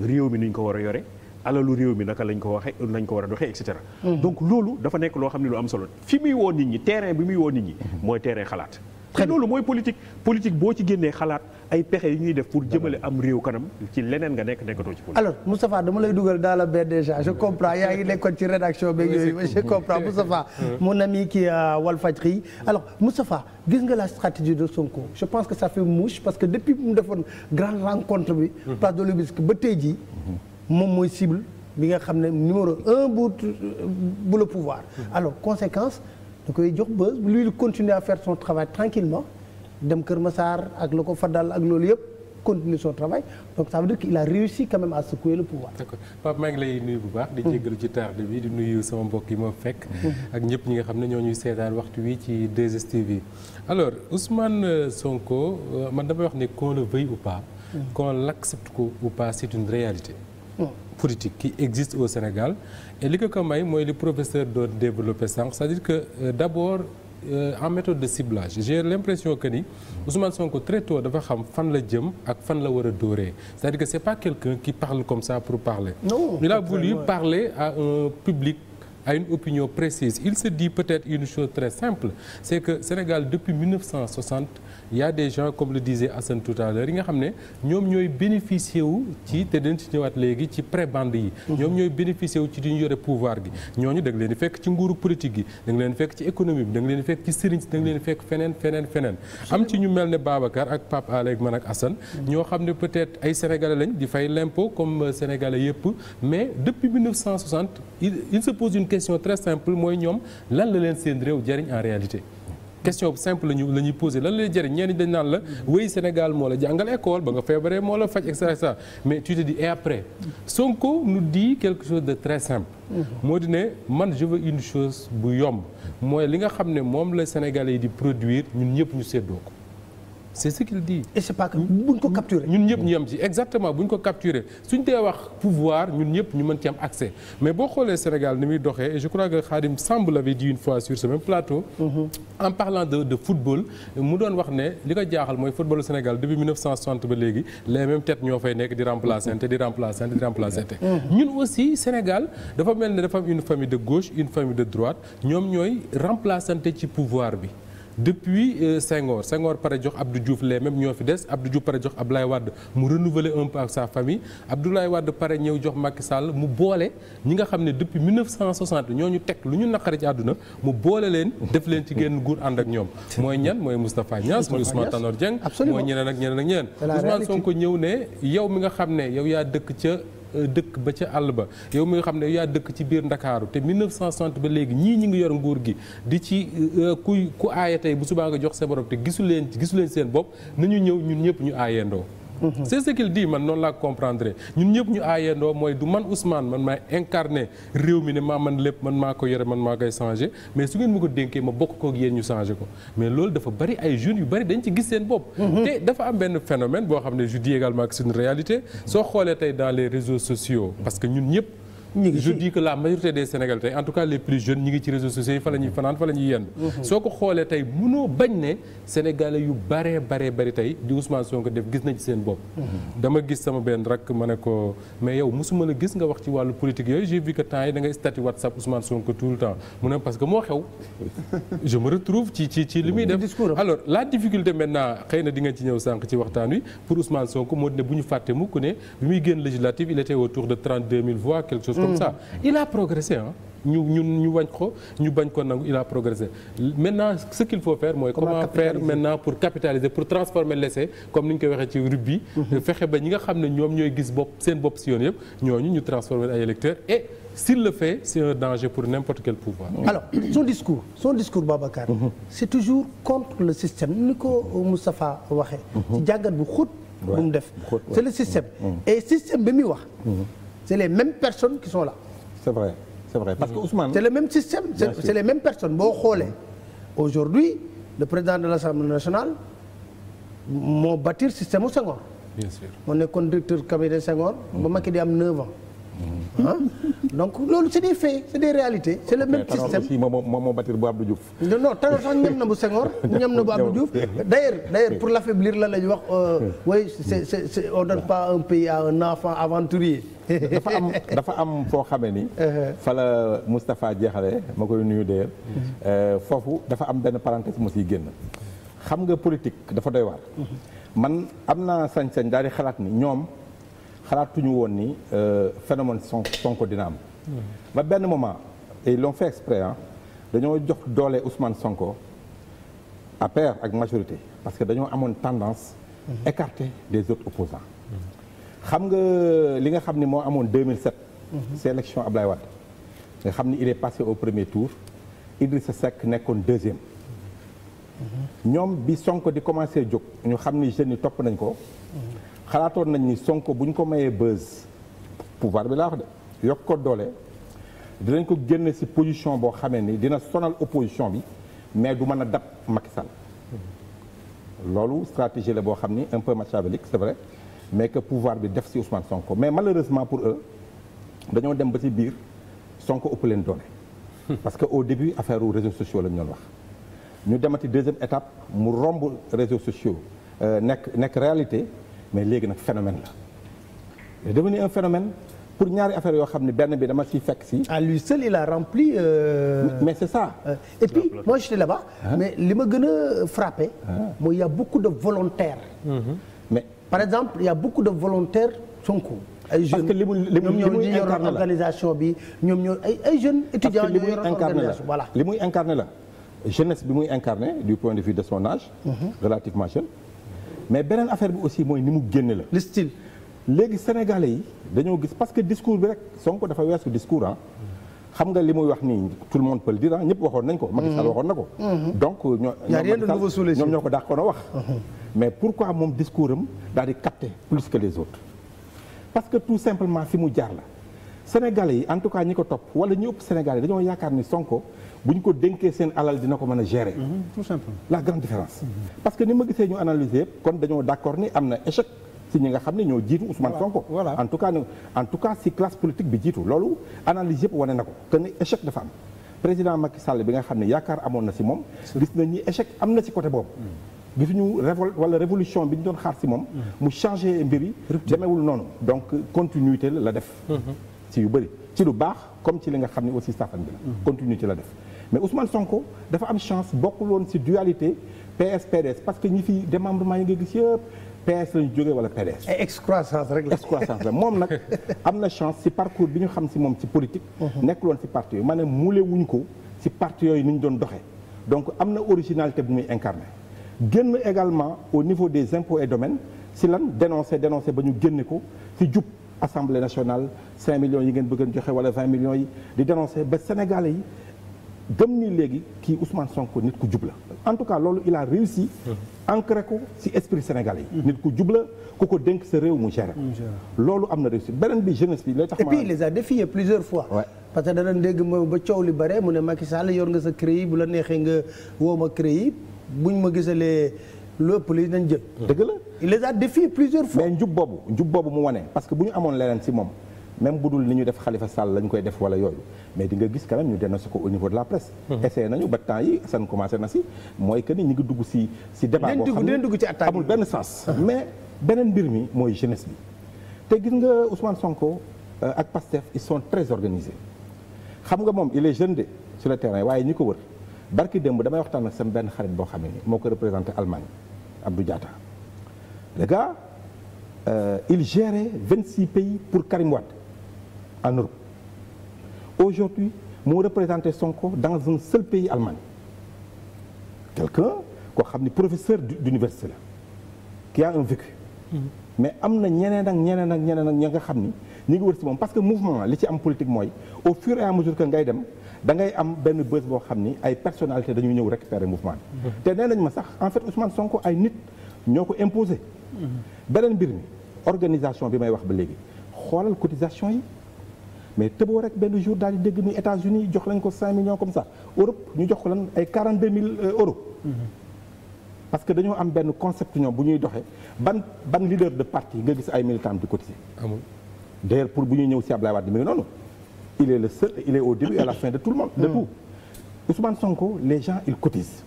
réew mi ni ñu ko war a yore alalu réew mi naka lañ ko waxee nañ ko war a doxee et cetera. Hmm. donc loolu dafa nekk loo xam ne lu am solo fi muy woo nit ñi terrain bi muy woo nit ñi. Hmm. mooy terrain xalaat. te loolu mooy politique politique boo ci génnee xalaat ay pexe yu ñuy def pour jëmale am réew kanam ci leneen nga nekk nekkatoo ci politique. alors Moustapha dama lay dugal dans le bain déjà je hmm. comprends yaa ngi nekkoon ci rédaction beeg yooyu je comprends Moustapha. mon ami qui Walfadjri alors Moustapha gis nga la stratégie de Sonko je pense que ça fait parce que depuis mu defoon grande rencontre bi. place de ba tey jii. moom mooy cible bi nga xam ne numéro un bu bu pouvoir hmm. alors conséquence da koy jox ba lui continuer à faire son travail tranquillement dem Kër Massar ak la ko faddal ak loolu yëpp continuer son travail donc ça veut dire qu'il a réussi quand même à secouer le pouvoir. d'accord maa ngi lay nuyu bu baax. di hmm. jéggalu ci tarde bi di nuyu sama mbokk yi ma fekk. Hmm. ak ñëpp ñi nga xam ne ñoo ñuy seetaan waxtu wii ci 2STV. alors Ousmane Sonko euh, man damay wax ne qu'on le veuille ou pas. qu'on l'accepte ou pas c'est une réalité. politique qui existe au Sénégal et li ko ko may mooy li professeur doon développé sànq c'est-à-dire que euh, d'abord euh, en méthode de ciblage j'ai l'impression que ni Ousmane Sonko très tôt dafa xam fan la jëm ak fan la war a dóoree c'est-à-dire que c'est pas quelqu'un qui parle comme ça pour parler il a voulu parler à un public à une opinion précise il se dit peut-être une chose très simple c'est que Sénégal depuis yaa y a des gens comme le disait Assane tout yi nga xam ne ñoom ñooy bénéficier wu ci te dañ ci ñëwaat léegi ci prébande yi ñoom ñooy bénéficier wu ci di ñu yore pouvoir gi ñooñu da nga leen di fekk ci nguuru politique gi da nga leen fekk ci économie bi danga nga leen fekk ci sëriñ si da nga leen fekk feneen feneen am ci ñu mel ne Babacar ak Pape Alé ak man ak Assane ñoo xam ne peut-être ay sénégalais lañ di fay l'impôt comme euh, sénégalais yëpp mais depuis 1960 il se pose un question très simple mooy ñoom lan la leen seen réew jariñ en réalité question bu simple la ñu la ñuy posé lan lay jëriñ ñeen ñi dañ naan la wéy Sénégal moo la jàngal école ba nga feebaree moo la faj et cetera mais tu te dis et après Sonko nous dit quelque chose de très simple. Mm-hmm. moo di ne man je une chose bu yomb mooy li nga xam ne moom la Sénégalais yi di produire ñun ñëpp ñu séddoo ko. c' est ce qu'il dit. et c'est pas que buñ ko capturer. ñëpp ñu yem ci ko capturer ñun ñëpp ñu mën ci am accès mais boo xoolee Sénégal ni muy doxee et je crois que Khadim Samb l'avait dit une fois sur ce même plateau. Mm-hmm. en parlant de football mu doon wax ne li ko jaaxal mooy footballu Sénégal depuis 1960 ba léegi les mêmes têtes ñoo fay nekk di remplacer te di remplacer mm-hmm. ñun aussi Sénégal dafa mel ne dafa am une famille de gauche une famille de droite ñoom ñooy remplacer ci pouvoir bi. depuis euh, Senghor Senghor pare jox Abdou Diouf les mêmes ñoo fi des Abdou Diouf pare jox Abdoulaye Wade mu renouveler un peu ak sa famille Abdoulaye Wade pare ñëw jox Macky Sall mu boole ñi nga xam ne depuis 1960 ñoo ñu teg lu ñu naqari ci àdduna mu boole leen def leen ci génn guur ànd ak ñoom. mooy ñan mooy Moustapha Niass mooy Ousmane Tanor Dieng. mooy ñeneen ak ñeneen ak ñeneen. Ousmane Sonko ñëw ne yow mi nga xam ne yow yaa dëkk ca. Euh, dëkk ba ca àll ba yow mi nga xam ne yaa dëkk ci biir ndakaaru te 1960 ba léegi ñii ñi ngi yor nguur gi di ci euh, euh, kuy ku aaya tey bu subaa nga jox sa borom te gisu leen gisu leen seen bopp nañu ñëw ñun ñëpp ñu aayandoo Mhm. c'est ce qu'il dit man noonu laa comprendre ñun ñëpp ñu aayandoo mooy du man usman man maay incarné réew mi ne maa man lépp man maa ko yore man maa koy changé mais su ngeen ma ko dénkee ma bokk kook yéen ñu changé ko mais loolu dafa bari ay jeunes yu bari dañ ci gis seen bopp mhm. te dafa am benn phénomène boo xam ne je dis également que c'est une réalité soo xoolee tey dans les réseaux sociaux parce que ñun ñëpp je dis que la majorité des Sénégalais tey en tout cas les plus jeunes ñi ngi ci réseaux sociaux yi fa la fanaan fa la yenn uhuh. soo ko xoolee tey mënoo bañ ne Sénégalais yu baree baree bari tey di Ousmane Sonko def gis nañ seen bopp uhuh. dama gis sama benn rakk ma ko mais yow mosuma la gis nga wax ci wàllu politique yooyu j'ai vu yi da ngay WhatsApp Ousmane Sonko tout le temps mu ne parce que moo xew *laughs* je me retrouve ci li muy def alors la difficulté comme mm. ça il a progressé ñu ñun ñu wañ ko ñu bañ ko nangu il a progressé maintenant ce qu'il faut faire mooy maintenant pour capitaliser pour transformer l'essai comme ni ñu koy waxee ci rugby mm-hmm. fexe ba ñi nga xam ne ñoom ñooy gis bopp seen bopp si yoon yëpp ñooñu ñu transformer ay électeurs et s'il le fait c'est un danger pour n'importe quel pouvoir mm. alors son discours son discours Babacar mm-hmm. c'est toujours contre le système ni ko Moustapha waxee mm-hmm. ci jàngat bu xóot bu mu def c'est le système et système bi muy wax c'est les mêmes personnes qui sont là. c'est vrai c'est vrai parce que mmh. Ousmane. c'est le même système c'est, c'est les mêmes personnes boo xoolee. aujourd'hui le président de l'Assemblée nationale moo bâtir système u Senghor. bien sûr moo nekkoon directeur cabinet Senghor. ba Macky di am 9 ans. ah donc loolu c' est des faits c' est des réalités. c' est le même système moom moo bâtir bu Abdou Diouf. non non Tanor sax ñam na bu Senghor *laughs* ñam na bu Abdou Diouf d' ailleurs d' pour la affaiblir la la ñu wax euh, oui c' est c' est on donne pas un pays à un enfant aventurier. *laughs* dafa am dafa am foo xamee ni. *laughs* Uh-huh. fa la Moustapha jeexale ma koy nuyu d' uh-huh. euh, foofu dafa am benn parenthèse mu siy génn xam nga politique dafa doy waar. Uh-huh. man am naa sañ-sañ daal di xalaat ni ñoom. xalaatuñu woon ni euh, phénomène Sonko dina am. ba mm-hmm. benn moment et ils fait exprès ah dañoo jox doole Ousmane Sonko à ak majorité parce que dañoo amoon tendance. Mm-hmm. écarter des autres opposants xam nga li nga xam ni moo amoon 2007. Mm-hmm. c'est élection Ablaye Wade nga xam ni il est passé au premier tour Idrissa Seck nekkoon deuxième. ñoom bi Sonko di commencé jóg ñu xam ni jeunes topp nañ ko. xalaatoon nañ ni Sonko bu ñu ko mayee buzz pouvoir bi laa wax de yokk ko doole dinañ ko génne ci position boo xamee ni dina sonal opposition bi mais du mën a dab Macky sal loolu stratégie la boo xam ni un peu machiavélique c'est vrai mais que pouvoir bi def ci Ousmane Sonko mais malheureusement pour eux dañoo dem ba ci biir Sonko ëpp leen doole. *laughs* parce que au début affaire aux réseaux sociaux lañ doon wax. ñu demati deuxième étape mu romb réseaux sociaux euh, nekk nekk réalité. mais léegi nag phénomène la c'est un phénomène pour ñaari affaire yoo xam ne benn bi dama ciy fekk si. à lui seul il a rempli. Euh... mais c'est ça. Euh, et puis moi j'étais là-bas. Hein? mais li ma gën a frappé. mooy y a beaucoup de volontaires. Mm -hmm. mais par exemple il y beaucoup de volontaires Sonko. ay jeunes parce que li mu li mu bi ñoom ñoo ay ay jeunes étudiants ñoo yor organisation voilà. li muy incarné la jeunesse bi muy incarné du point de vue de son âge. Mm -hmm. relativement jeune. mais beneen affaire bi aussi mooy ni mu génne la. le style. léegi sénégalais yi dañoo gis parce que discours bi rek Sonko dafa weesu discours ah. xam nga li muy wax nii tout le monde peut le dire ah, ñëpp waxoon nañ ko. Macky Sall waxoon na ko. Mhm. donc ñoo ñoom ñoo ko dàqoon a wax. Mhm. mais pourquoi moom discours am daal di capter plus que les autres. parce que tout simplement fi mu jaar la sénégalais yi en tout cas ñi ko topp wala ñu ëpp sénégalais dañoo yaakaar ni Sonko bu ñu ko dénkee seen alal dina ko mën a gérer. Mhm, tout simplement la grande parce que ni ma gisee ñu analyser yëpp kon dañoo d'accord ni am na échec. si ñi nga xam ne ñoo jiitu Ousmane Sonko en tout cas en tout cas si classe politique bi jiitu loolu analyse yëpp wane na ko que ni échec dafa am président Macky Sall bi nga xam ne yaakaar amoon na si moom gis nañ ni échec am na si côté boobu mm. gisuñu révolte wala révolution bi ñu doon xaar si moom mm. mu changé mbir yi demeewul noonu donc continuité la def si mm-hmm. yu bëri ci lu baax comme ci li nga xam ne aussi safan bi la mm-hmm. continuité la def mais Ousmane Sonko dafa am chance bokk woon ci dualité PS PDS parce que ñi fi démembrement yi nga gis yëpp PS lañu jógee wala PDS. et excroissance rek la. moom nag *laughs* am na chance ci parcours bi ñu xam ci moom ci politique. Mhm. nekk loon ci parti yooyu maanaam muule wuñ ko ci parti yooyu ni ñu doon doxee donc am na originalité bi muy incarné génn également au niveau des impôts et domaines ci lan dénoncé dénoncé ba ñu génne ko ci jub. assemblée nationale 5 millions yi ngeen bëggoon joxe wala 20 millions yi di dénoncer ba sénégalais yi gëm ni léegi kii Ousmane Sonko nit ku jub la en tout cas loolu ilaa a réussi ancré ko ci esprit sénégalais yi nit ku jub la ku ko dénk sa réew mu géré loolu am na réussite beneen bi jeunesse bi lay tax et puis il les a défiés fois ouais. parce que danañ dégg moom ba coow li bare mu ne Macky Sall yor nga sa crédit bu la neexee nga woo ma bu buñ ma gisalee lépp li nañ jël dëgg la il les a défiés plusieurs fois mais njub boobu njub boobu mu wane parce que bu ñu amoon leneen ci moom même bu dul ni ñu def xalifa Sall lañ koy def wala yooyu mais di nga gis quand même ñu dénoncé ko au niveau de la presse. Mhm. essayé nañu ba temps yi seen commencé na si mooy que ni ñu ngi dugg si si débat boo xam ne dugg ci attaque amul benn sens. mais beneen mbir mi mooy jeunesse bi te gis nga Ousmane Sonko euh, ak Pastef ils sont très xam nga moom il est jeune de sur le terrain waaye ñi ko wër barki démb damay waxtaan ak seen benn xarit boo xam ne moo ko représenté Allemagne Abdou Diatta le gars euh, il gérait 26 pays pour Karim Wade. en Europe aujourd'hui moo représenté Sonko dans un seul pays Allemagne quelqu'un koo xam ni professeur d'université la qui a un vécu mm-hmm. mais am na ñeneen ak ñeneen ak ñeneen ak ña nga xam ni ñu ngi wër moom parce que mouvement li ci am politique mooy au fur et à mesure ngay dem da am benn bés boo xam ni ay personnalité dañuy ñëw récupérer mouvement bi mm-hmm. te nee nañ ma sax en fait Ousmane Sonko ay nit ñoo ko imposé mm-hmm. beneen mbir mi organisation bi may wax ba léegi xoolal cotisation yi mais tëboo rek benn jour daal di dégg ni États-Unis jox lañ ko 5 millions comme ça Europe ñu jox ko lan ay 42 mille euh, euros. Mm-hmm. parce que dañoo am benn concept bu ñuy doxee ban ban leader de parti nga gis ay militants di cotiser. amul d'ailleurs pour bu ñuy ñëw si Ablaye Wade mi ngi noonu. il est le seul il est au début et la fin de tout le monde. de mm. tout Ousmane Sonko les gens ils cotisent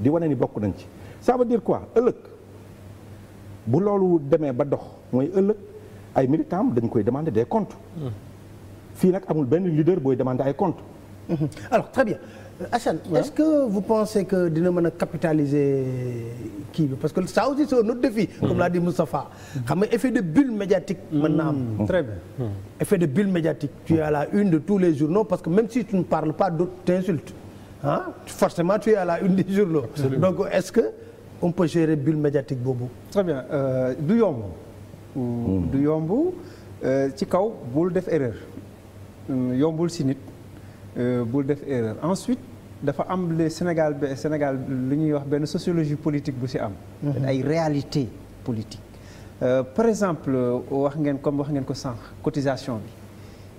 di wane ni bokk nañ ci ça veut dire quoi ëllëg bu loolu demee ba dox mooy ëllëg ay militants dañ koy demander des comptes. Mm. fii nag amul benn leader booy demander ay compte mhm. alors très bien euh, Assane est-ce que vous pensez que dina mën a capitaliser kii bi parce que sa aussi c'est un autre défi comme mhm. l'a dit Moustapha xam nga effet de bulle médiatique mën na am mhm. très effet de bulle médiatique tu es à la une de tous les journaux parce que même si tu ne parles pas d'autres t'insultes forcément tu es à la une des journaux Absolument. donc est-ce que on peut gérer bulle médiatique boobu très euh, du yomb yomb euh, ci kaw bul def Euh, yombul si nit euh, bul def erreur ensuite dafa am le Sénégal Sénégal lu ñuy wax benn sociologie politique bu si am mhm. ay réalité politique euh, par exemple wax ngeen comme wax ngeen ko sànq cotisation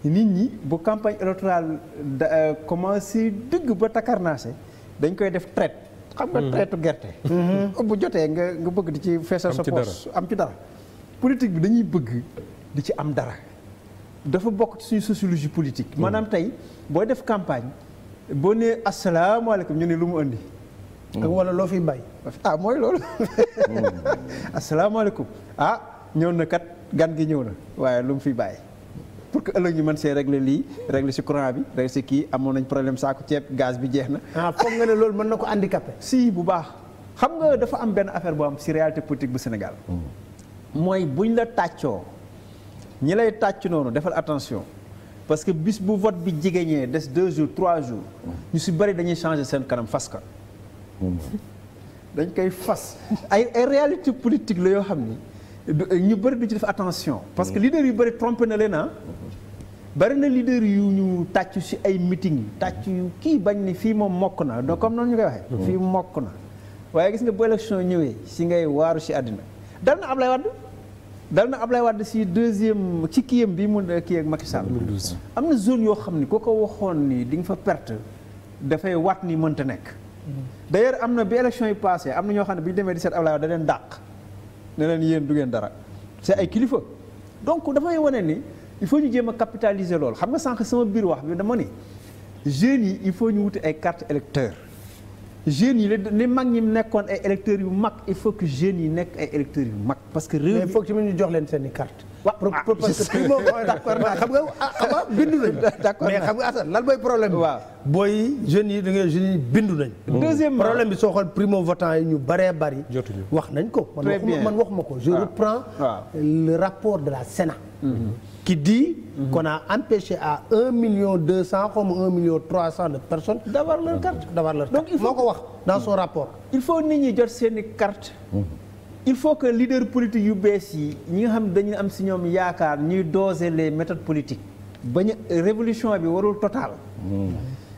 bi nit ñi bu campagne électorale da euh, commencé dëgg ba takarnaase dañ koy def traite xam nga mhm. traite gerte mhm. bu jotee nga nga bëgg di ci feesal sa poche am ci dara politique bi dañuy bëgg di ci am dara dafa bokk ci suñu sociologie politique. Mm-hmm. maanaam tey boo def campagne boo nee asalaamaaleykum ñu ne lu mu indi ak mm-hmm. wala loo fi bay ah mooy loolu. Mm-hmm. *laughs* asalaamaaleykum ah ñëw na kat gan gi ñëw na waaye lu mu fi bàyyi. pour que ëllëg ñu mën see régler lii régler si courant bi régler si kii amoon nañ problème saako ceeb gaz bi jeex na. ah foog nga ne loolu mën na ko handicapé. si bu baax xam nga dafa am benn affaire boo am si réalité politique bu Sénégal. mooy buñ la tàccoo. ñi lay tàcc noonu defal attention parce que bis bu vote bi jigéñee des deux jours trois jours ñu si bëri dañuy changer seen kanam fas ka dañ koy fas ay ay réalité politique la yoo xam ni ñu bëri du ci def attention parce que leader yu bëri trompé na leen ah bari na leader yu ñu tàcc si ay meeting tàcc yu kii bañ ni fii moom mokk na donc comme noonu ñu koy waxee fii mokk na waaye gis nga bu élection ñëwee si ngay waaru si àddina dal na Ablaye Wade dal na Ablaye Wade si deuxième ci kii yem bi mu kii ak Macky Sall am na zone yoo xam ni ku ko waxoon nii di nga fa perte dafay wat ni mënta nekk d'ailleurs am na bi élection yi passé am na ñoo xam ne bi ñu demee di seet Ablaye Wade da leen dàq ne leen yéen du ngeen dara c'est ay kilifa donc dafay wane ni il faut ñu jéem a capitaliser loolu xam nga sànq sama biir wax bi dama ni jeunes yi il faut ñu wuti ay carte électeur jeunes yi li mag ñi nekkoon ay électeurs yu mag il faut que jeunes yi nekk ay électeurs yu mag. parce que réew mi il faut que ñu jox leen seen i carte waaw ah, parce que primo *laughs* d'accord xam nga ah, ah, ah bindu nañu. *laughs* problème bi. booy jeunes yi da ngay yi bindu nañ mm. deuxième problème bi soo xool primo votant yi ñu bëree bari jotuñu wax nañ ko. man waxuma man ko je reprends le rapport de la Sénat. Mm-hmm. qui dit qu'on a empêché à un million deux cent comme un million trois cent de personnes d'avoir leur carte d'avoir carte moo ko wax dans son rapport il faut nit ñi jot seeni carte il faut que leader politique yu bees yi ñi nga xam dañu am si ñoom yaakaar ñuy doser les politique politiques bañ révolution bi warul total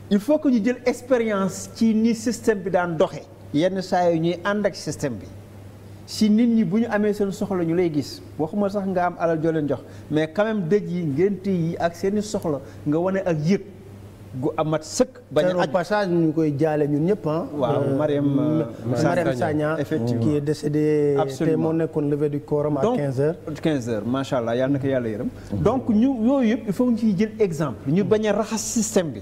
il faut que ñu jël expérience ci ni système bi daan doxe yenn saa yi ñuy ànd ak système bi si nit ñi bu ñu amee seen soxla ñu lay gis waxuma sax nga am alal joo jox mais quand même dëj yi ngénte yi ak seeni soxla nga wane ak yëg gu amat sëkk. bañ a aj passage ñu koy jaale ñun ñëpp ah. waaw Marème euh, Marème euh, Sagna effectivement qui est décédée. absolument moo nekkoon levée du corps am à 15h. macha allah yal na ko yàlla yërëm. donc ñu yooyu yëpp il faut ñu ciy jël exemple. ñu bañ a raxas système bi.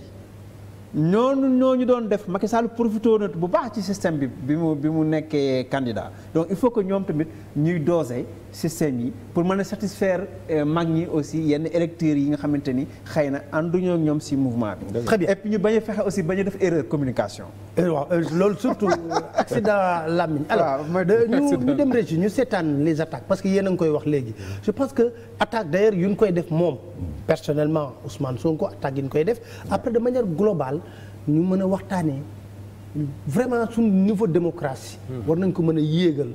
ñooñu ñooñu doon def Macky Sall profité na bu baax ci système bi bi mu bi mu nekkee candidat donc il faut que ñoom tamit ñuy doosee système yi pour mën a satisfaire euh, mag ñi aussi yenn électeurs yi nga xamante ni xëy na ànduñoo ñoom si mouvement bi. très bien ñu bañ a fexe aussi bañu def erreur communication. Euh, waaw euh, loolu surtout accident làmmiñ. *laughs* alors *laughs* ñu ñu dem rek ñu seetaan les attaques parce que yéen a koy wax léegi. je pense que attaque d' yu ñu koy def moom personnellement Ousmane ko attaque yi ñu koy def après de manière globale ñu mën a waxtaanee vraiment suñu niveau démocratie. Hmm. war nañ ko mën a yéegal.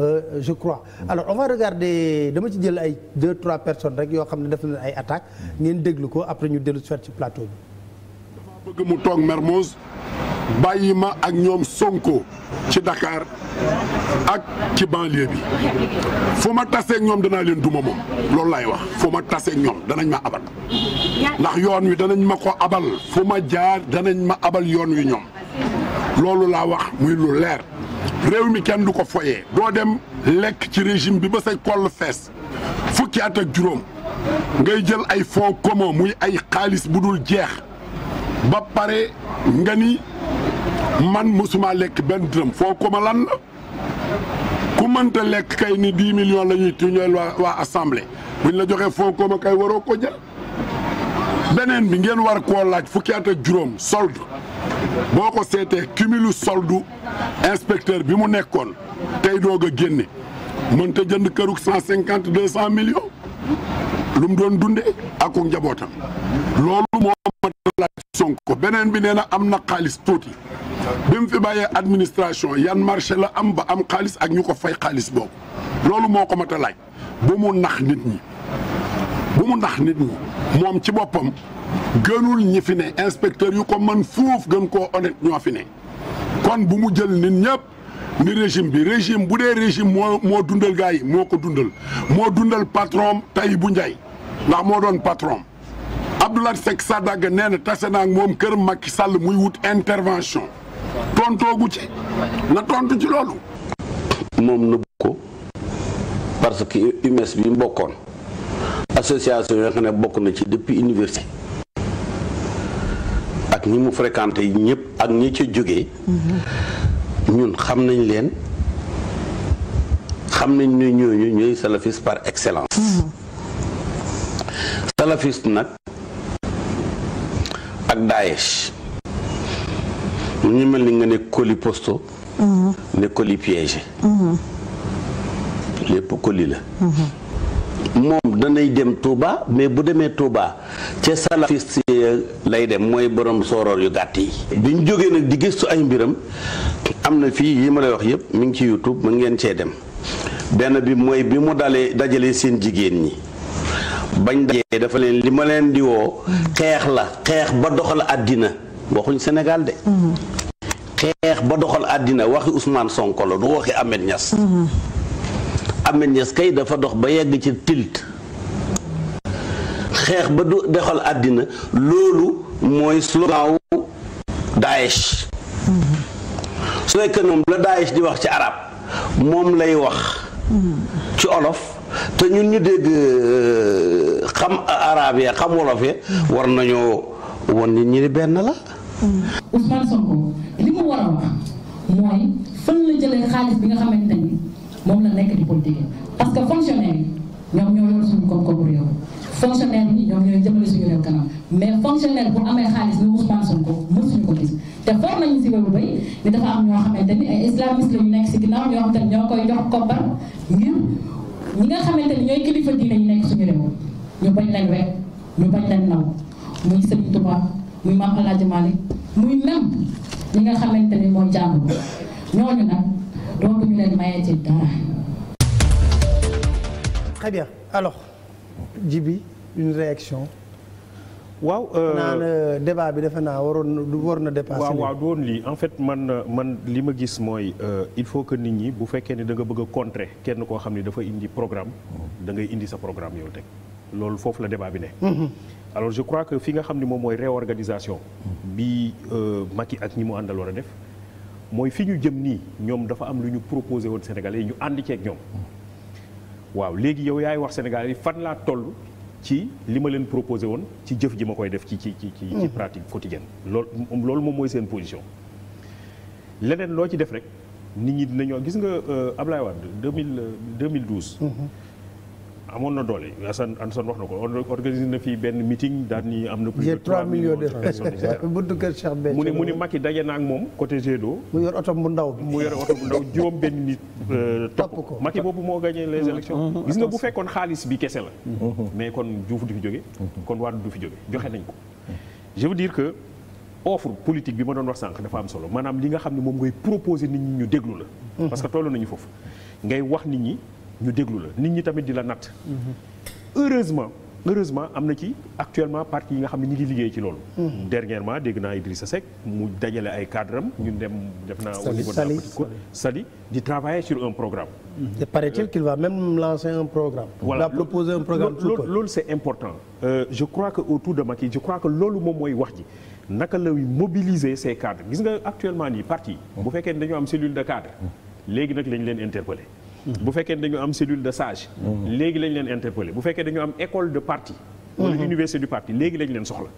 Euh, je crois alors on va dama ci jël ay deux trois personnes rek yoo xam ne def nañ ay attaques ngeen déglu ko après ñu dellu ci plateau mu toog Mermoz bàyyi ma ak ñoom Sonko ci Dakar ak ci banlieue bi fu ma taseeg ñoom danaa leen duma moom loolu laay wax fu ma taseeg ñoom danañ ma abal ndax yoon wi danañ ma ko abal fu ma jaar danañ ma abal yoon wi ñoom loolu laa wax muy lu leer. réew mi kenn du ko foyee doo dem lekk ci régime bi ba say kol fees fukki at ak juróom ngay jël ay fonds muy ay xaalis bu dul jeex ba pare nga ni man mosuma lekk benn dërëm fonds commun lan la ku mënta lekk kay ni 10 millions lañuy ñuy tuñeel waa waa assemblée la joxee fonds commun kay waroo ko jël beneen bi ngeen war koo laaj fukki at ak juróom solde boo ko seetee cumulu soldu inspecteur bi mu nekkoon tey doog a génne mënta jënd këruk cent cinquante deux cent millions lu mu doon dunde ak njabootam loolu moo ma laaj beneen bi nee na am na xaalis tuuti bi mu fi bàyyee administration yan marché la am ba am xaalis ak ñu ko fay xaalis boobu loolu moo ko mat a laaj bu mu nax nit ñi bu mu nax nit ñi moom ci boppam gënul ñi fi ne inspecteur yu ko mën fuuf gën koo honnête ñoo fi ne kon bu mu jël nit ñëpp ni régime bi régime bu dee régime moo moo dundal gars yi moo ko dundal moo dundal patron bu Ndiaye ndax moo doon patron Abdoulaye Seck Sadaga nee na tase ak moom kër Macky sàll muy wut intervention tontoogu ci na tontu ci loolu. moom na ko parce que UMS bi mu bokkoon association yoo xam ne bokk na ci depuis université. ak mu mu yi ñëpp ak ñu ca jógee. ñun xam nañ leen xam nañ ne ñooñu ñooy salafiste par excellence. salafiste nag ak Daesh mu ñu mel ni nga ne colis posto. ne colis piégé. Mhm. lépp colis la. Mhm. moom danay dem Touba mais bu demee Touba ca salafiste lay dem mooy borom sooroor yu gàtt yi. biñ ñu jógee nag di gëstu ay mbiram am na fii yi ma lay wax yépp mu ngi ci YouTube mën ngeen cee dem benn bi mooy bi mu dalee dajalee seen jigéen ñi. bañ dajee dafa leen li ma leen di woo xeex la xeex ba doxal àddina waxuñ senegal de mm-hmm. xeex ba doxal àddina waxi Ousmane Sonko la du waxi amee Niass mm-hmm. Ahmed Niass kay dafa dox ba yegg ci tilt xeex ba du dexal àddina loolu mooy slogan wu Daesh su nekkee ñoom la Daesh di wax ci arab moom lay wax ci olof te ñun ñu dégg euh, xam arab ya xam wolof ya war nañoo won nit ñi ni benn la Ousmane Sonko li mu waroon am mooy fan la jëlee xaalis bi nga xamante ni moom la nekk di politique parce que fonctionnaire yi ñoom ñoo yor suñu koom-koomu réew fonctionnaire yi ñoom ñooy jëmale suñu réew kanam mais fonctionnaire bu amee xaalis lu Ousmane Sonko mësuñu ko gis te for nañu si wéru bay ni dafa am ñoo xam ne ay islamiste la ñu nekk si ginnaaw ñoo xamante ni ñoo koy jox koppar ngir ñi nga xamante ni ñooy kilifa diine ñu nekk suñu réew ñu bañ leen wekk ñu bañ leen naw muy Sëriñ Tuubaa muy Maam Alaaji Maalik muy même ñi nga xamante ni mooy jàmbur ñooñu nag dootuñu leen mayee ci dara. une réaction. waaw euh, naan euh, débat bi defe naa waroon du war na dépasser. waaw waaw du lii en fait man man li ma gis mooy euh, il faut que nit ñi bu fekkee ne da nga bëgg a kenn koo xam ne dafa indi programme da ngay indi sa programme yow teg loolu foofu la débat bi ne. Mhm. alors je crois que fi nga xam ne moom mooy réorganisation. bi Macky ak ñi mu àndal war a def. mooy fi ñu jëm nii ñoom dafa am lu ñu proposé woon sénégale yi ñu ànd ceeg ñoom waaw léegi yow yaay wax Sénégalais yi fan laa toll ci li ma leen proposé woon ci jëf ji ma koy def ci ci ci ci hmm. pratique quotidienne lool loolu moom mooy seen position leneen loo ci def rek nit ñi dinañoo gis nga euh, Ablaye Wade 2000 2012. amoon na doole Assane Assane wax na ko organisé na fii benn meeting daal ni am na. plus de mu ne mu daje na ak moom côté Jet d'eau. mu yor oto bu ndaw mu yor oto bu ndaw euh, ko Macky boobu moo gagné les mm-hmm. élections mm-hmm. gis bu mm-hmm. fekkoon xaalis bi kese mais kon Diouf du fi jóge kon Wade du fi jóge joxe nañ ko. je veux dire que offre politique bi ma doon wax sànq dafa am solo maanaam li nga xam ne moom ngay proposer nit ñi ñu déglu la. parce que toll nañu foofu ngay wax nit ñi. ñu déglu la nit ñi tamit di la natt. Mm-hmm. heureusement heureusement am na ci actuellement parti yi nga xam ne ñu ngi liggéey ci loolu. Mm-hmm. dernièrement dégg naa Idrissa Seck mu dajale ay cadres am mm-hmm. ñu dem def naa. au niveau de la Sali di travailler sur un programme. te paraît-il qu'il va même lancer un programme. voilà va proposer un programme tout court loolu c'est important. Euh, je crois que autour de Macky je crois que loolu moom mooy wax ji. naka la mobiliser ces cadres gis nga actuellement nii parti bu fekkee ne dañoo am cellule de cadre léegi nag lañ leen interpeller bu fekkee dañu am cellule de sage. léegi lañ leen interpellé bu fekkee dañu am école de parti. wala mhm. université du parti léegi lañ leen soxla.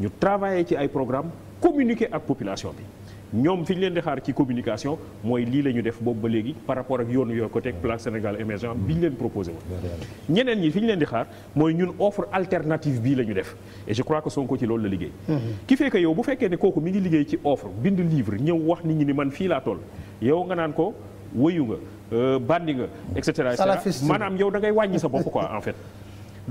ñu travailler ci ay programme communiqué ak population bi ñoom fi ñu leen di xaar ci communication mooy lii la ñu def boobu ba léegi par rapport ak yoonu yoo ko teg plan Sénégal émergent bi ñu leen proposé woon ñeneen ñi fi ñu leen di xaar mooy ñun offre alternative bii la ñu def et je crois que son ci loolu la liggéey ki mhm. fekk yow fekkee ne kooku mi liggéey ci offre bind livre ñëw wax nit man fii laa toll yow nga ko wayu nga euh, bandi nga et cetera et cetera maanaam yow da ngay wàññi sa bopp quoi en fait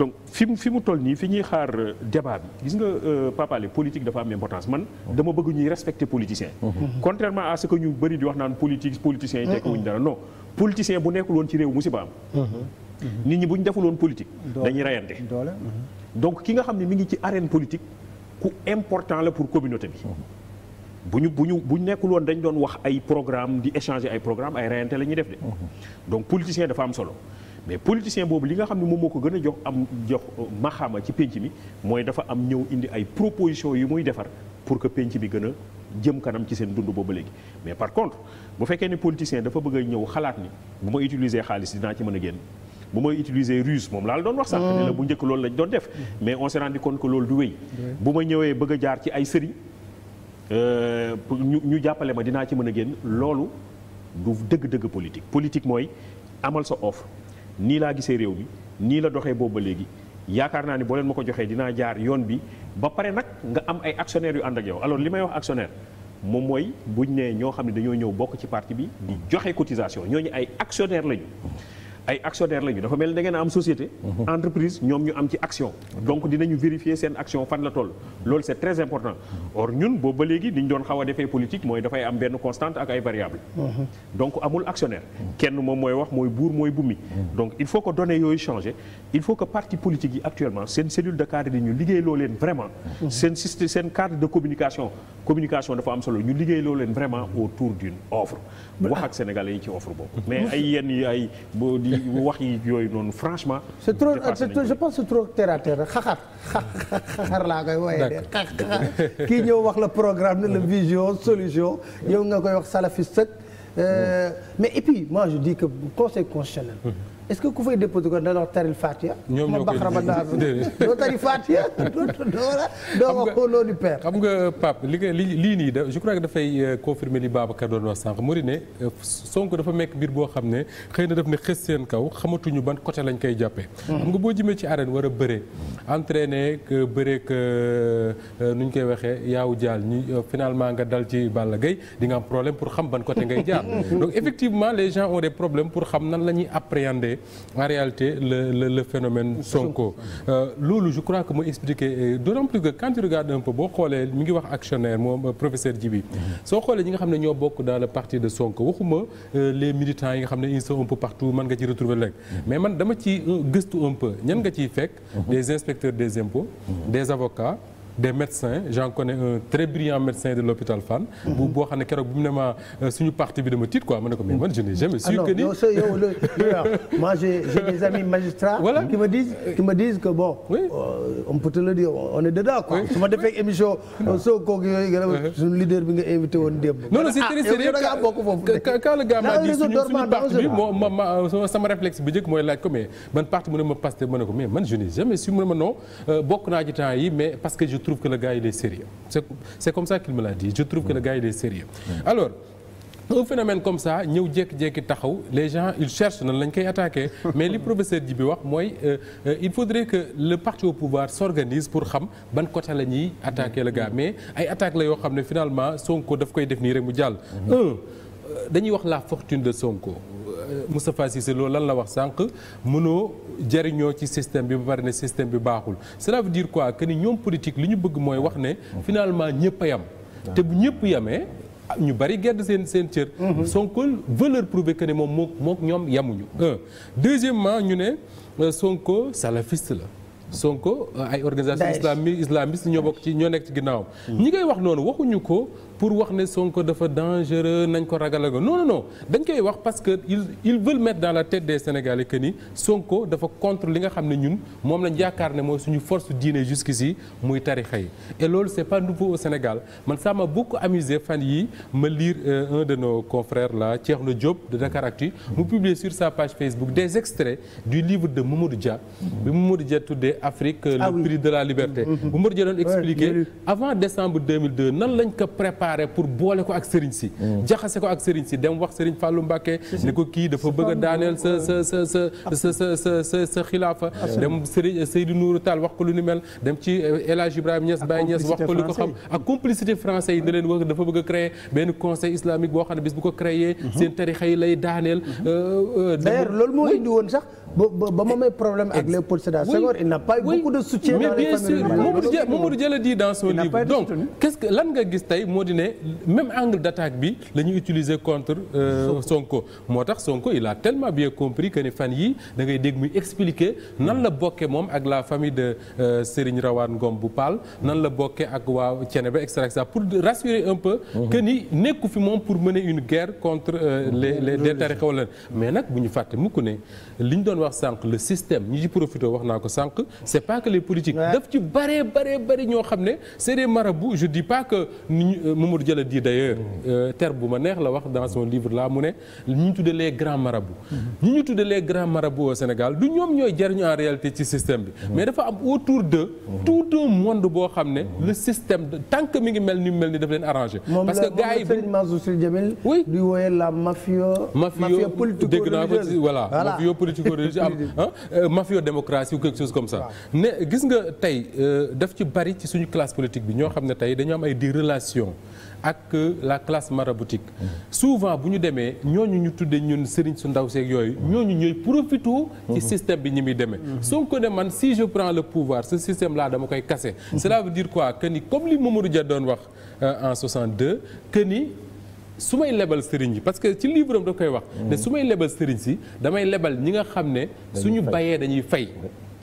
donc fi mu fi mu toll nii fi ñuy xaar euh, débat bi gis nga euh, Papa Alé politique dafa am importance man dama bëgg ñuy respecter politicien mhm. contrairement à ce que ñu bëri di wax naan politique politiciens yi mhm. tekkiwuñu dara non politicien bu nekkul woon ci réew musiba am mhm. nit ñi bu ñu deful woon politique dañuy rayante donc ki nga xam ne mi ngi ci arène politique ku important la pour communauté bi bu ñu bu ñu bu ñu nekkul woon dañ doon wax ay programme di échanger ay programme ay reyante la ñuy def de. donc politicien dafa am solo. mais politicien boobu li nga xam ne moom moo ko gën a jox am jox euh, maxaama ci pénc mi mooy dafa am ñëw indi ay proposition yu muy defar pour que pénc bi gën a jëm kanam ci seen dund boobu léegi mais par contre bu fekkee ne politicien dafa bëgg a ñëw xalaat ni bu ma utiliser xaalis dinaa ci mën a génn bu ma utiliser ruse moom laal la doon wax sax mm. ne la loolu lañ doon def mm. mais on s'est rendu compte loolu du bu ma ñëwee bëgg jaar ci ay sëriñ Euh, pour ñu ñu jàppale ma dinaa ci mën a génn loolu du dëgg-dëgg politique politique mooy amal sa offre nii laa gisee réew mi nii la doxee boobu ba léegi yaakaar naa ni boo leen ma ko joxee dinaa jaar yoon bi ba pare nag nga am ay actionnaires yu ànd ak yow alors li may wax actionnaire moom mooy bu ñu ne ñoo xam ne dañoo ñëw bokk ci parti bi di joxe cotisation ñooñu ay actionnaires lañu. ay actionnaire lañu dafa mel ni da ngeen a am société. Mhm. entreprise ñoom ñu am ci action. Mhm. donc dinañu vérifier seen action fan la toll. loolu c'est très important or ñun boobu léegi ni ñu doon xaw a defee politique mooy dafay am benn constante ak ay variable mhm. donc amul actionnaire. kenn moom mooy wax mooy buur mooy bummi. donc il faut que données yooyu changer il faut que parti politique yi actuellement seen cellule de cadre yi ñu liggéey loo leen vraiment seen système seen cadre de communication communication dafa am solo ñu liggéey loo leen vraiment autour d'une offre wax ak sénégalais yi ci offre boobu mais ay yenn yi ay boo di wax yi yooyu noonu franchement c'est trop je pense c'est trop terre à terre xaxar xaxar laa koy wooyee de xaxar kii ñëw wax la programme ne la vision solution yow nga koy wax salafiste euh, mais et puis moi je dis que est ce que ku fay déposé ko da doon taril Fatia. ñoom ñoo koy déedéet *laughs* doo taril *laughs* Fatia doo doo wax au nom du xam nga Pape li lii nii da je crois dafay euh, confirmer li Babacar doon wax sànq mu di ne euh, dafa mekk mbir boo xam ne xëy na daf ne xës seen kaw xamatuñu ban côté lañ koy jàppee. Hmm. xam nga boo jëmee ci arène war a bëree entraîné que bëree que euh, nu ñu koy waxee yaaw jaal ñi finalement nga dal ci Balla Gaye di am problème pour xam ban côté ngay jaar *laughs* donc effectivement les gens ont pour xam nan la ñuy appréhender. en réalité le le, le phénomène Sonko. Euh, loolu je crois que mu expliquer euh, d'autant plus que quand tu un peu boo xoolee mu ngi wax actionnaire moom euh, professeur Djibi mhm. soo xoolee ñi nga xam ne ñoo bokk daal le parti de Sonko waxuma les militants yi nga xam ne ils sont un peu partout mën nga ci retrouver léegi mhm. mais man dama ci gëstu un peu ñan nga ciy fekk. Mhm. des inspecteurs des impôts. des avocats. des médecins j'en connais un très brillant médecin de l'hôpital Fann mhm. bu boo xam ne keroog bi mu ne ma euh, suñu parti bi dama ma ne ko mais man su ma defee émission ah. soo kooku uh-huh. bi nga invité woon démb non non c'est très ah, m'a dit bi moo euh, mooy laaj ko mais ban parti mu ne ma Pastef ma ne ko mais man je n'ai jamais su mu ne ma non euh, bokk naa ci temps yi mais parce que je trouve que le gars il est sérieux c'est c'est comme ça qu'il me dit je trouve que le gars il est sérieux alors un phénomène comme ça ñëw jékki-jékki taxaw les gens ils cherchent lañ koy attaquer *laughs* mais li professeur Djibi wax mooy euh, euh, il faudrait que le parti au pouvoir s'organise pour xam ban côté la ñuy attaquer le gars mais ay attaques la yoo xam ne finalement Sonko daf koy def nii rek mu jàll. Mm-hmm. Euh, dañuy wax la fortune de Sonko. Moustapha Cissé loolu lan la wax sànq mënoo jariñoo ci système bi ba pare ne système bi baaxul cela veut dire quoi que ni ñoom politique li ñu bëgg mooy wax ne finalement ñëpp a yam te bu ñëpp yamee ñu bari gedd seen seen cër mhm. Sonko veut leur prouver que ne moom moo mook ñoom yamuñu un deuxièmement ñu ne euh, Sonko salafiste la Sonko euh, ay organisation islami islamiste ñoo bokk ci ñoo nekk ci ginnaawam mhm. ñi ngay wax noonu waxuñu ko pour wax ne Sonko dafa dangereux nañ ko ragal ak non non dañ koy wax parce que ils ils veulent mettre dans la tête des Sénégalais que ni Sonko dafa contre li nga xam ne ñun moom lañ yaakaar ne mooy suñu force diine jusqu'ici muy tarixa yi et loolu c'est pas nouveau au Sénégal man ça m'a beaucoup amusé fan yi ma liir euh, un de la confrères là Thierno Diop de Dakaractu mu publier sur sa page Facebook des extraits du livre de Mamadou Dia bi Mamadou Dia tuddee Afrique euh, le ah prix de la liberté bu mm-hmm. Mamadou Dia doon expliquer avant décembre 2002 nan lañ ko préparé tasaare pour boole ko ak sëriñ si mm. jaxase ko ak sëriñ si dem wax sëriñ Fallou Mbacké ni ko kii dafa bëgg a daaneel sa sa sa sa sa sa sa sa xilaafa dem sëriñ Seydou Nourou Tall wax ko lu ni mel dem ci eh, El Hadj Ibrahima Niass Baye Niass wax ko lu ko xam ak complicité français yi ne leen dafa bëgg a créer benn conseil islamique boo xam ne bis bu ko créer mhm. seen tarixa yi lay daaneel mhm. euh, euh, euh, loolu moo indi sax ba ba may problème avec Léopold Sédar Senghor il n'a nga gis tey moo di ne même angle d'attaque bi la ñu utiliser contre euh, Sonko moo tax Sonko il a tellement bien compris que ne fan yi da ngay dégg muy expliquer nan la bokke moom ak la famille de euh, Serigne Rawaan Ngom bu Paal nan la bokke ak waaw waa Thiénaba et cetera pour rassurer un peu mhm. que nekku fi moom pour mener une guerre contre euh, les les des tarixa wala mais nag bu ñu fàtte mukk ne liñ doon wax sànq le système ñi ci profité wax naa ko sànq c' pas que les politiques daf ci bëree bëree bëri ñoo xam ne c' est des marabouts je dis pas que euh, Mamadou Diallo di d' ailleurs euh, terme bu ma neex la wax dans son livre là mu ne ñu ñu tuddee les grands marabouts mm-hmm. ñi ñu tuddee les grands marabouts au Sénégal du ñoom ñooy jariñu en réalité ci système bi mm-hmm. mais dafa am autour de mm-hmm. tout un monde boo xam ne le système tant que mi ngi mel ni mel ni daf leen arrangé parce que gars yi Serigne Mansour du am euh, mafio démocratie u quelque comme ça ne gis nga tey euh, daf ci bari ci suñu classe politique bi ñoo xam ne tey dañoo am ay di relation ak euh, la classe boutique mm. souvent bu ñu demee ñooñu ñu tuddee ñun sëriñ su ndaw seeg yooyu mm. ñooñu ñooy profité ci mm. système bi ñi muy demee soo ko ne man si je prends le pouvoir ce système là dama koy casser cela veut dire quoi que ni comme li Mamadou Dia doon wax en 62 que ni su may lebal sëriñ yi parce que ci livre am koy wax ne su may lebal sëriñ si damay lebal ñi nga xam ne suñu bayee dañuy fay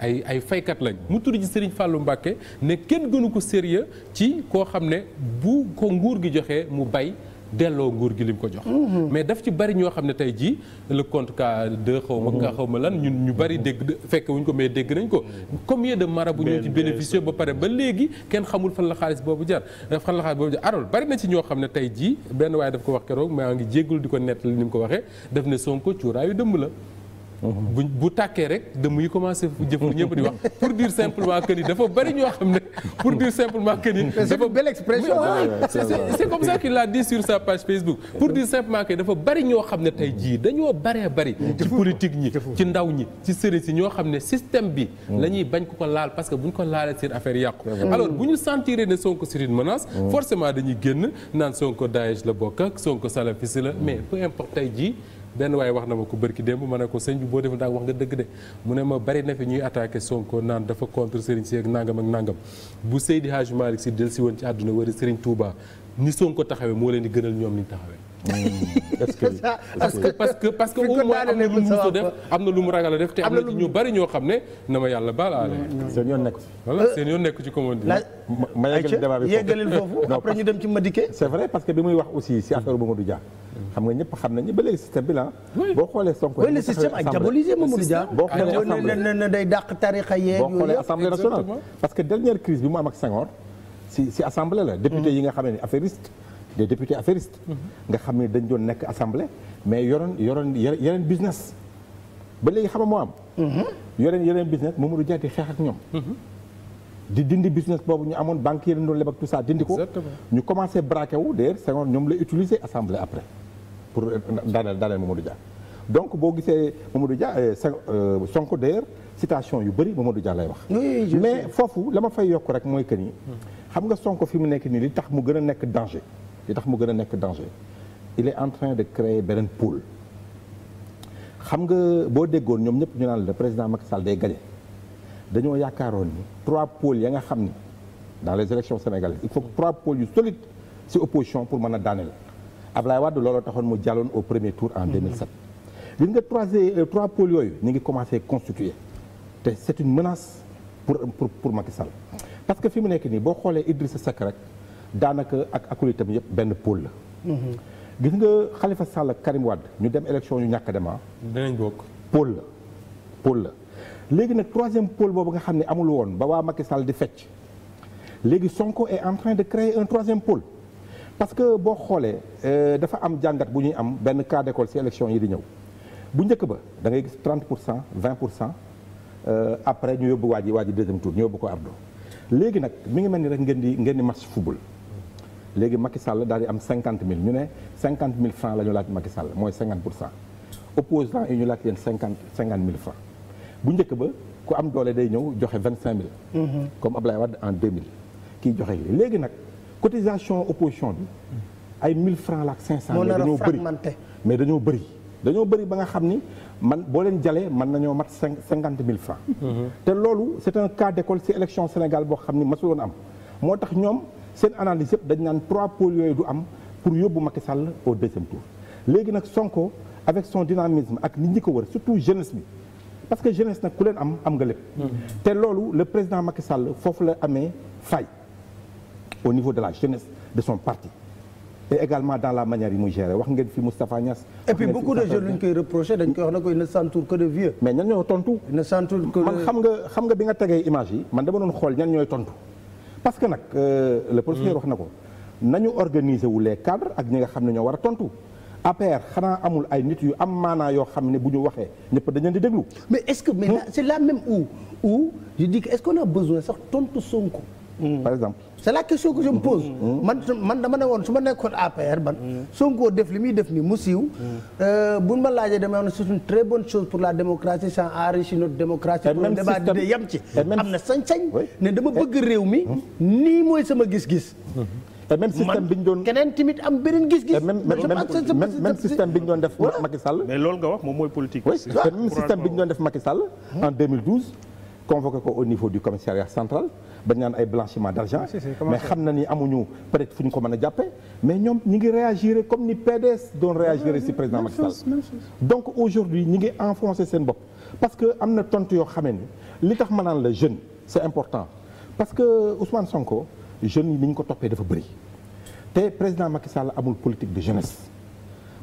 ay ay faykat lañ mu tudd ci Serigne fàllu Mbacké ne kenn gënu ko sérieux ci koo xam ne bu ko nguur gi joxee mu bay delloo nguur gi lim ko jox. Mhm. mais daf ci bari ñoo xam ne tey jii le compte cas de xaw ma nga mhm. xaw ma lan ñun ñu bari dégg fekke wuñ ko mais dégg nañ ko. comme combien de marabu ñoo ci bénéficier ba pare ba léegi kenn xamul fan la xaalis boobu jar eh, fan la xaalis boobu jar alors bari na ci ñoo xam ne tey jii benn waaye daf ko wax keroog maa ngi jéggul di ko nett li ni mu ko waxee daf ne Sonko cuuraayu dëmm la. bu bu tàkkee rek dëmm yi commencé jëf ñëpp di wax pour dire simplement que ni dafa bari ñoo xam ne pour dire simplement que ni. dafa l'a dit sur pour dire dafa bari ñoo xam ne tey jii dañoo baree bari. ci politique ñi ci ndaw ñi ci sëriñ si ñoo xam ne système bi. la bañ ko ko laal parce que bu ñu ko laalee seen affaire yàqu. alors bu ñu sentir ne Sonko c'est une menace. Mm. forcément dañuy génn naan Sonko Daesh la bokk ak Sonko salafiste la mais peu importe tey jii. benn waaye wax na ma ko bërki démb ma ne ko sëñ bi boo deful daal wax nga dëgg de mu ne ma bari na fi ñuy attaqué Sonko naan dafa contre Serigne si ak nangam ak nangam bu Seydi Hadj Malick si del si woon ci àdduna wari Serigne Touba ni Sonko taxawee moo leen di gënal ñoom ni ñu taxawee. Hmm. est-ce *laughs* que parce que na lu mu mus a def am a def te bari ñoo xam ne na ma yàlla baal aale. seen yoon nekku ci. voilà seen muy wax aussi si affaire Mamadou Dia. xam nga ñëpp xam nañu ba léegi système bi la ah. boo xoolee Sonko a diabolisé Mamadou Dia boo xoolee ne day yi nga xam ne affairiste des mhm. nga xam ne dañ doon nekk assemblée mais yoroon yoroon yeneen business ba léegi xam nga moo am mhm. yoreen yeneen business Mamadou Dia di xeex ak ñoom mhm. di dindi business boobu ñu amoon banque yi doon leb ak tout ça dindi ko ñu commencé braqué wu d'ailleurs Senghor ñoom la utiliser assemblée après pour euh, daaneel daaneel du Dia donc boo gisee Mamadou Dia euh, euh, Sonko d'ailleurs citation yu bëri Mamadou Dia lay wax mais foofu la ma fay yokk rek mooy que ni xam nga Sonko fi mu nekk nii li tax mu gën a nekk danger li tax mu gën a nekk danger il est en train de créer beneen pôle xam nga boo déggoon ñoom ñëpp ñu naan la président Macky Sall day gagné dañoo yaakaaroon ni trois pôles ya nga xam ni dans les élections sénégalaises il faut trois pôles yu solides ci opposition pour mën a daaneel Ablaye Wade looloo taxoon mu jàlloon au premier tour en 2007. Mhm. gis nga trois euh, trois pôles yooyu ñu ngi commencé constituer te c'est une menace pour pour pour Macky Sall parce que fi mu nekk nii boo xoolee sa Seck rek daanaka ak akul itam yëpp benn pôle la. Mhm. gis nga xalifa Sall ak Karim Wade ñu dem élection ñu ñàkk a dem ah. danañ bokk pôle la pôle la. léegi nag troisième pole boobu nga xam ne amul woon ba waa Macky Sall di fecc léegi Sonko est en train de créer un troisième pôle. parce que boo xoolee euh, dafa am jàngat bu ñuy am benn cas d'école ci élection yi di ñëw bu njëkk ba da ngay gis 30 pour cent 20 pour cent euh, après ñu yóbbu waa ji waa ji deuxième tour ñu yóbbu ko Abdou. léegi nag mi ngi mel ni rek ngeen di ngeen di match football léegi Macky Sall daal di am 50 000 ñu ne 50 000 francs la ñu laaj Macky Sall mooy 50 pour cent opposant yi ñu laaj leen 50 50 000 bu njëkk ba ku am doole day ñëw joxe 25 000. Mm-hmm. comme Ablaye Wade en 2000 kiy joxe léegi nag. cotisation opposition bi ay mille francs la ak 500. moo nar a fragmenté mais dañoo bëri dañoo bëri ba nga xam ni man boo leen jalee mën nañoo mat cinquante mille francs mm-hmm. te loolu c'est un cas d'école ci élection Sénégal boo xam ni masul woon am moo tax ñoom seen analyse yëpp dañ naan trois pôles yooyu du am pour yóbbu Macky Sall au deuxième tour léegi nag Sonko avec son dynamisme ak nit ñi ko wër surtout jeunesse bi parce que jeunesse nag ku leen am am nga lépp mm-hmm. te loolu le président Macky Sall foofu la amee fay au niveau de la jeunesse de son parti et également dans la manière yi muy gérer wax ngeen fi Moustapha Niass. et puis beaucoup de jeunes lu ñu koy reproché dañ koy wax na ko il ne s'entoure que de vieux. mais ñan ñoo tontu. man xam nga xam nga bi nga tegee image yi man dama doon xool ñan ñooy tontu parce que nag. Euh, le professeur wax na ko nañu organiser wu les cadres ak ñi nga xam ne ñoo war a tontu. APR xanaa amul ay nit yu am maanaa yoo xam ne bu ñu waxee ñëpp dañu leen di mais est-ce que mais là hmm? c'est là même où où je dis sax tontu Sonko. Mm. par exemple c'est la question que je me pose. Mm. Mm. man dama ne woon su ma nekkoon APR man. Sonko def li muy def nii mu siiw. Euh, buñ ma laajee dama ne c'est une très bonne chose pour la démocratie ça enrichit notre démocratie. pour le débat di yem ci. am na sañ-sañ. ne dama bëgg réew mi. nii mooy sama gis-gis. Mm-hmm. te même système bi ñu doon keneen doon def Macky Sall. mais loolu moom mooy politique. oui te même système bi ñu doon def Macky Sall. en 2012 hmm? ko au niveau du commissariat central. bañ naan ay blanchiment d'argent ah, mais xam na ni amuñu peut-être fu ñu ko mën a jàppee mais ñoom ñi ngi réagir comme ni PDS doon réagir si président Macky Sall donc aujourd'hui ñi ngi enfoncé seen bopp parce que am na tontu yoo xamee ni li tax ma naan la jeune c'est important parce que Ousmane Sonko jeunes yi ni ñu ko toppee dafa bëri te président Macky Sall amul politique de jeunesse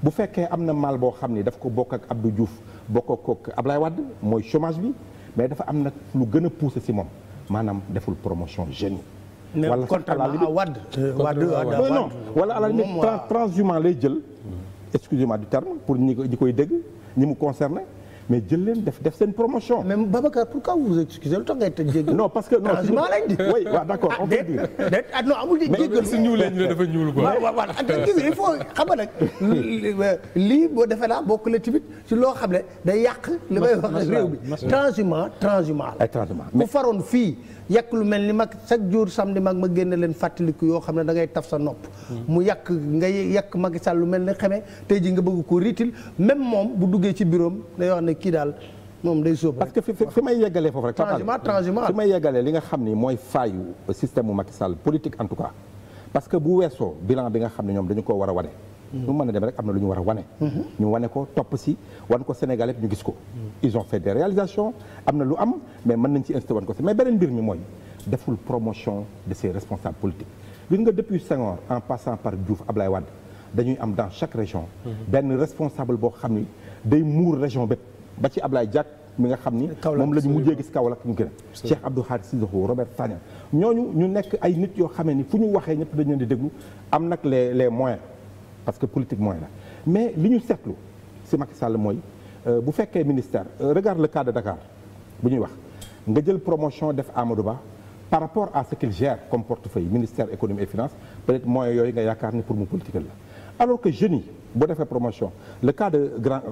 bu fekkee am na mal boo xam ni daf ko bokk ak du Diouf bokk ak Ablaye Wade mooy chômage bi mais dafa am nag lu gën a poussé si moom maanaam deful promotion jeunes yi. wala contrairement à euh, Wade. non wala à la limite lay jël. excusez-moi du terme pour ñi koy dégg ni mu concerné. mais jël leen def def seen promotion. mais Babacar pourquoi vous vous lu tax ngay tëj jéggi. non parce que non transiment lañ di. oui waaw d' accord ah, ah, di jéggi. mais ah, lii boo defee laa bokk la tamit ci loo xam ne day yàq. li may wax réew bi transhumant transhumant la. bu faroon yàq lu mel ni mag chaque jour samedi mag ma génn leen fàttaliku yoo xam ne da ngay taf sa nopp. mu yàq ngay yàq Macky Sall lu mel ni xeme tey ji nga bëgg ko riitil même moom bu duggee ci bureau am day wax ne kii daal moom day sóob parce que fi may yeggalee foofu rek. transhumant transhumant fi may yeggalee li nga xam ni mooy faayu système mu Macky Sall politique en tout cas. parce que bu weesoo bilan bi nga xam ne ñoom dañu ko war a wane. nu mën a dem rek am na lu ñu war a wane. Mhm. ñu wane ko topp si wan ko Sénégal yëpp ñu gis ko. Mhm. ils ont fait des réalisations am na lu am mais mën nañ ci insté wan ko si mais beneen mbir mi mooy deful promotion de ses responsables politiques. gis nga depuis Senghor en passant par Diouf Ablaye Wade dañuy am dans chaque région. Mhm. benn responsable boo xam ni day muur région bépp. ba ci Ablaye Diack mi nga xam ni moom la ñu mujjee gis kaw Kaolack ñu gën a Cheikh Abdou Khadre Cissokho Robert Sagna ñooñu ñu nekk ay nit yoo xamee ni fu ñu waxee ñëpp dañu leen di déglu am nag les les moyens parce que politique moyen la mais li ñu seetlu si Macky Sall mooy euh, bu fekkee ministère euh, regarde le cas de Dakar bu ñuy wax nga jël promotion def Amadou Ba par rapport à ce qu'il gère comme portefeuille ministère économie et finance peut-être moyens yooyu nga yaakaar la alors que jeunes yi boo defee promotion le cas de grand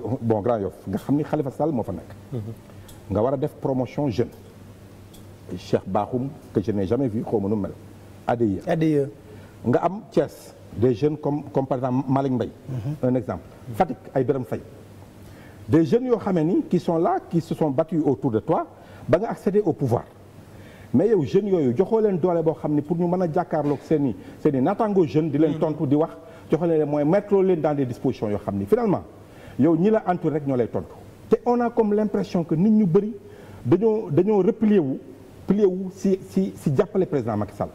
yoff nga xam ni Khalifa Sall moo fa nekk. nga war a def promotion jeune. Cheikh Bakhoum que je n'ai jamais vu xaw ma nu mel. ADIE ADIE. nga am Thiès des jeunes comme comme par exemple Malick Mbaye. Mhm. un exemple Fatick ay Birame Faye. des jeunes yoo xamee ni qui sont là qui se sont battus autour de toi ba nga accéder au pouvoir mais yow jeunes yooyu joxoo leen doole boo xam ne pour ñu mën a jàkkaarloog seen i seen naataangoo jeunes. di leen mhm. tontu di wax. joxale leen mooy mettre leen dans des dispositions yoo xam ni finalement yow ñi la entouré rek ñoo lay tontu te on a comme l'impression que nit ñu bëri dañoo dañoo replier wu plier wu si si si jàppale président Macky Sall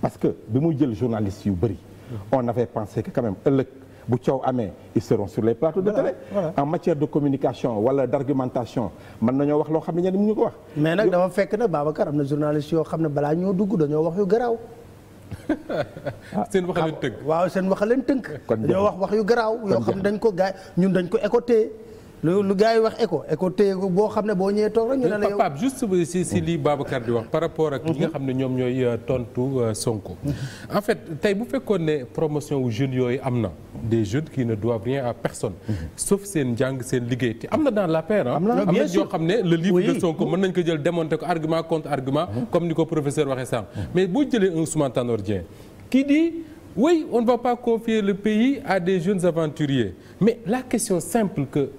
parce que bi muy jël journaliste yu bëri on avait pensé que quand même ëllëg bu coow amee ils seront sur les plateaux de télé en matière de communication wala d'argumentation mën nañoo wax loo xam ne ñenn mu ñu ko wax mais nag dama fekk na Babacar am na journaliste yoo xam ne balaa ñoo dugg dañoo wax yu Ah, seen wax leen ah, tënk waaw seen wax a leen tënk. dañoo wax wax yu garaaw yoo xam dañ ko gaa ñun dañ ko écouté. lu lu yi wax écho écoté ko boo xam ne boo ñëwee toog rek ñu ne la yow. Pape juste si si lii Babacar di wax par rapport ak. ñi nga xam ne ñoom ñooy euh, tontu euh, Sonko. Mhm. en fait tey bu fekkoon ne promotion wu jeunes yooyu am na. des jeunes qui ne doivent rien à personne. Mhm. sauf seen njàng seen liggéey te am na dans la paire am na yoo xam ne le livre de Sonko mën nañ ko jël démonter ko argument contre argument. Mhm. comme ni ko professeur waxee sànq. Mhm. mais boo jëlee un Ousmane Tanor Dieng qui dit oui on ne va pas confier le pays à des jeunes aventuriers mais la question simple que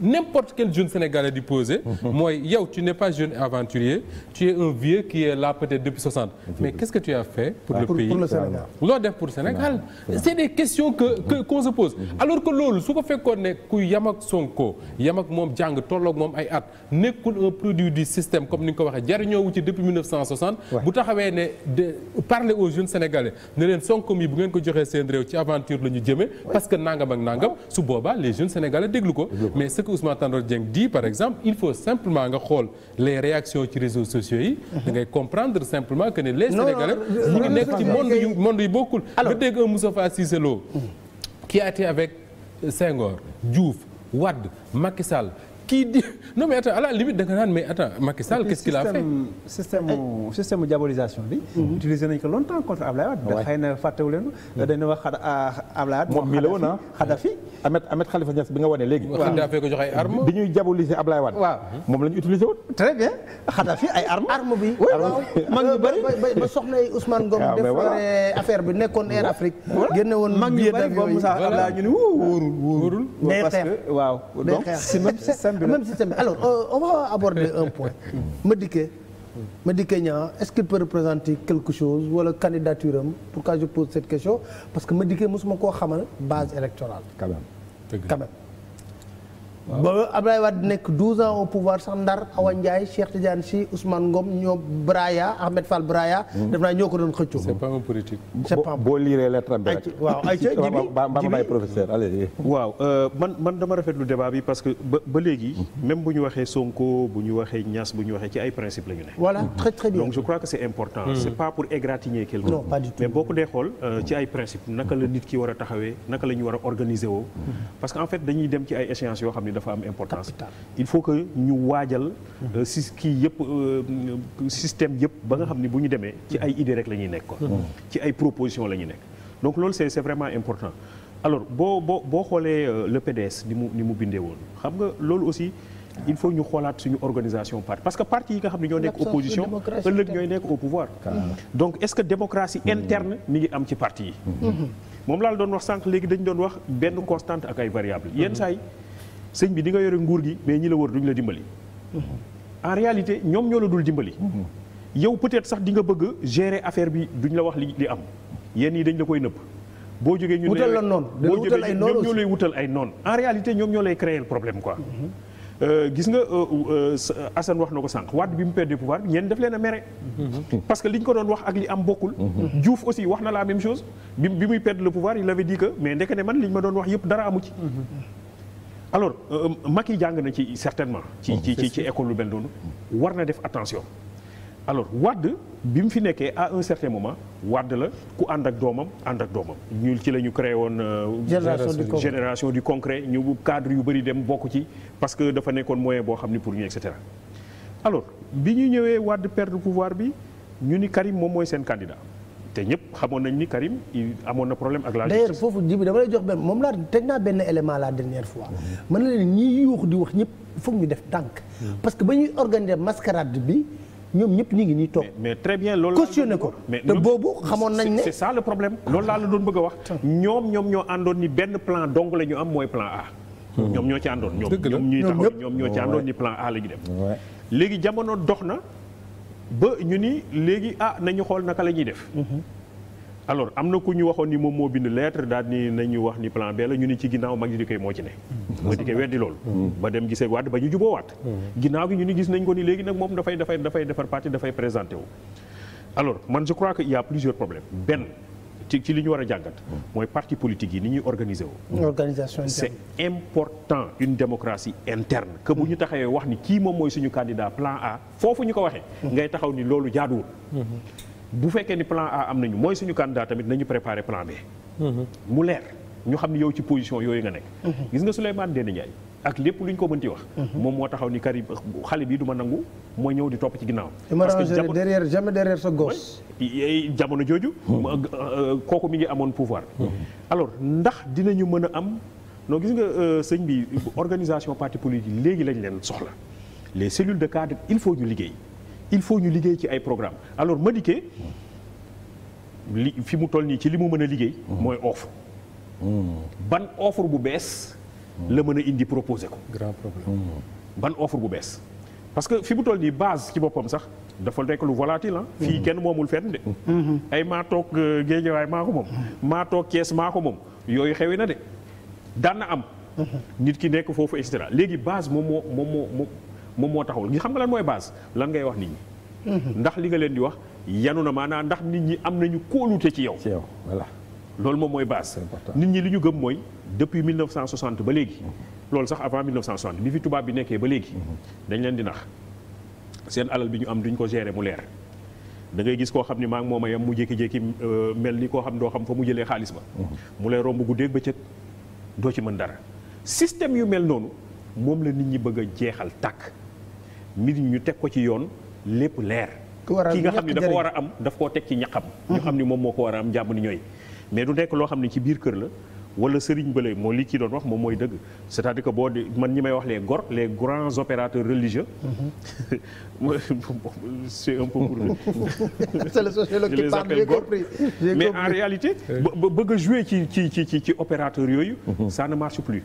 n'importe quel jeune sénégalais di poser. Mhm. mooy yow tu n'es pas jeune aventurier tu es un vieux qui est là peut-être depuis 60. mais qu'est-ce que tu as fait pour ah, le pays loo def pour Sénégal c'est des questions que que qu'on pose mhm. alors que loolu su ko fekkoon ne ku yam ak Sonko yam ak moom jàng tolloog moom ay at nekkul un produit du système comme ni nga ko waxee jariñoowu ci depuis 1960 bu taxawee ne de parler aux jeunes sénégalais ne leen Sonko mi bu ngeen ko joxee seen réew ci aventure la ñu jëmee parce que nangam ak nangam su boobaa les jeunes sénégalais déglu ko que Ousmane Tanor Dieng dit par exemple il faut simplement nga xool les réactions ci réseaux sociaux yi. da ngay comprendre simplement que ne les Sénégalais. ñu ngi nekk ci monde yu monde yu bokkul. alors nga dégg Moustapha Cissé Lo qui a été avec Senghor Diouf Wade Macky kii di non mais attends à la limite da nga naan mais attends Macky Sall qu'est-ce qu'il a système système mu bi. Mhm. utilisé nañ ko longtemps contre Ablaye Wade. waaw xëy na fàttewu leen ko. Mhm. dañu wax ah, Ablaye Wade. moom mi la woon ah Xadafi mhm. Ahmed Ahmed Khalifa la ñu utilisé woon. très bien Xadafi ay arme bi *laughs* mag ñu bëri. ba soxna yi Ousmane Ngom. waaw ah, def affaire bi nekkoon Air Afrique. génne mag ñu bëri yooyu mag ñu bëri *laughs* système bi système bi euh, on va aborder un point Madické Madické Niang est-ce qu'il peut représenter quelque chose wala candidature am pourquoi je pose cette question parce que ma Madické mosuma koo xamal base électorale quand ba Abdoulaye Wade nekk 12 ans au pouvoir sax Ndar Awa Ndiaye Cheikh Tidiane Sy Ngom ñoo Braya Ahmed Fall Braya. Hmm. def naa ñoo ko doon xëccoo. c'est pas un politique. c'est pas boo liiree lettre bi rek. waaw ayca *laughs* jibi professeur allez. waaw euh, man man dama rafetlu débat bi parce que ba ba léegi. Mhm. même bu ñu waxee Sonko bu ñu waxee Niass bu ñu waxee ci ay principe la ñu ne. voilà très très bien. donc je crois que c'est important. Hmm. c'est boo ko dee xool euh, ci ay principe naka la nit ki war a taxawee naka la ñu war a organiser woo. Hmm. parce que en fait dañuy dafa am importance il faut que ñu waajal euh, si kii yëpp euh, euh, système yëpp ba nga xam ni bu ñu demee ci ay idée rek la ñuy nekk quoi mm-hmm. ci ay proposition la ñuy nekk donc loolu c'est c'est vraiment important alors boo boo boo xoolee le PDS ni mu ni mu bindee woon xam nga loolu aussi il faut ñu xoolaat suñu organisation parti parce que parti yi nga xam ne ñoo nekk opposition ëllëg ñooy nekk au pouvoir donc est-ce que démocratie mm-hmm. interne mi ngi am ci parti yi mm-hmm. moom laa doon wax sànq léegi dañu doon wax benn constante ak ay variable yenn saa sëñ bi di nga yore nguur gi mais ñi la wër duñ la dimbali. Mm-hmm. en réalité ñoom ñoo la dul dimbali. Mm-hmm. yow peut-être sax di nga bëgg gérer affaire bi duñ la wax li li am yenn yi dañ la koy nëpp. boo jógee ñu wutal la noonu boo jógee ñoom ñoo lay wutal ay noonu. en réalité ñoom ñoo lay créer problème quoi. Mm-hmm. Euh, gis nga euh, euh, Assane wax na ko sànq Wade bi mu perdre pouvoir bi ñenn daf leen a mere. parce que li ñu ko doon wax ak li am bokkul. Diouf aussi wax na la même chose bi bi muy perdre le pouvoir il avait dit que ne man li ma doon wax yëpp dara amu ci. alors euh, euh, Macky jàng na ci certainement. ci oh, ci ci école lu mel noonu. Mm. war na def attention. alors Wade bi mu fi nekkee à un certain moment wàdd la ku ànd ak doomam ànd ak doomam ñu ci la ñu créé woon. Euh, génération du concret ñu cadre yu bëri dem bokk ci parce que dafa nekkoon moyen boo xam ni pour ñu et cetera. alors bi ñu ñëwee wàdd perdre pouvoir bi ñu ni Karim moom mooy seen candidat. te ñëpp xamoon nañ ni Karim amoon na problème ak la justice. d'ailleurs foofu ji bi dama lay jox benn moom laa teg naa benn élément la dernière fois. mën na leen ñiy yuux di wax ñëpp foog ñu def tànk. parce que ba ñuy organiser mascarade bi ñoom ñëpp ñu ngi nii toog. mais très bien loolu cautionné ko te boobu xamoon nañ ne c'est ça le problème. loolu laa la doon bëgg a wax. ñoom ñoo àndoon ni benn plan dong la ñu am mooy plan A. Hmm. ñoom ñoo ci àndoon. ñoom ñoom ñuy taxaw ñoo ci àndoon ni plan A la ñu léegi jamono dox na. ba ñu ni léegi ah nañu xool naka la ñuy def. Mhm. alors am na ku ñu waxoon ni moom moo bind lettre daal ni nañu wax ni plan B la ñu ni ci ginnaaw mag di koy moo ci ne. ma di koy weddi loolu. Mhm. ba dem gisee waat ba ñu juboo waat. Mhm. ginnaaw gi ñu ni gis nañ ko ni léegi nag moom dafay dafay dafay defar parti dafay présenté wu. alors man je crois que il y a plusieurs problèmes benn. ci ci li ñu war a jàngat mooy parti politique yi ni ñuy organiser organisation c'est important une démocratie interne que bu ñu taxawee wax ni kii moom mooy suñu candidat plan A foofu ñu ko waxee ngay taxaw ni loolu jaaduwul bu fekkee ni plan A am nañu mooy suñu candidat tamit nañu préparer plan B mmh. mu leer ñu xam ni yow ci position yooyu nga nekk mmh. gis nga Souleymane Ndéné Ndiaye ak lépp luñ ko mënti wax. Mhm. moom moo taxaw ni Karim xale bii du ma nangu mooy ñëw di topp ci ginnaaw. parce que jamono derrière jamais derrière sa gosse. jamono jooju. Mhm. Euh, euh, kooku mi ngi amoon pouvoir. Mhm. alors ndax ñu mën a am non gis nga euh, sëñ bi organisation parti politique léegi lañ leen soxla les cellules de cadre il faut ñu liggéey il faut ñu liggéey ci ay programme alors Madické li fi mu toll nii ci li mu mën a liggéey. mooy offre. ban offre bu bees. la mën a indi proposé ko. Hmm. ban offre bu bees. parce que fi mu toll nii base ci boppam sax dafa nekk lu volatile ah. fii kenn moomul fenn de. Hmm. ay maa toog euh, géejewaay maa ko moom. Hmm. maa toog kees maa ko moom yooyu xewi na de daan na am. nit ki nekk foofu et léegi base moom moo moom moo moom moo taxawul ngi xam nga lan mooy base lan ngay wax nit ñi. ndax li nga leen di wax yanu na maanaam ndax nit ñi am nañu kóolute ci yow. ci yow voilà. loolu moom mooy base nit ñi li ñu gëm mooy depuis 1960 ba léegi loolu sax avant 1960 bi fi tubaab bi nekkee ba léegi mm-hmm. dañ leen di nax seen alal bi ñu am duñ ko gérer mu leer dangay gis koo xam ni maa ngi moom a yem mu jékki-jékki euh, mel ni koo xam doo xam fa mu jëlee xaalis ba mm-hmm. mu lay romb guddeeg bëccëg doo ci mën dara système yu mel noonu moom la nit ñi bëgg a jeexal tàkk nit ñu teg ko ci yoon lépp leer ki nga xam ni dafa war a am daf koo teg ci ñaqam ñu mm-hmm. xam ni moom moo ko war a am jàmm ni ñooy mais du nekk loo xam ne ci biir kër la wala sëriñ bële moo li kii doon wax moom mooy dëgg c'est-à-dire que boo di man ñi may wax le gor les grands opérateurs religieux. Mm-hmm. *laughs* c'est un peu pour. *laughs* c'est le sociologue qui parle, j'ai compris. mais en réalité. bëgg a jouer ci ci ci ci opérateur yooyu. Mm-hmm. ça ne marche plus.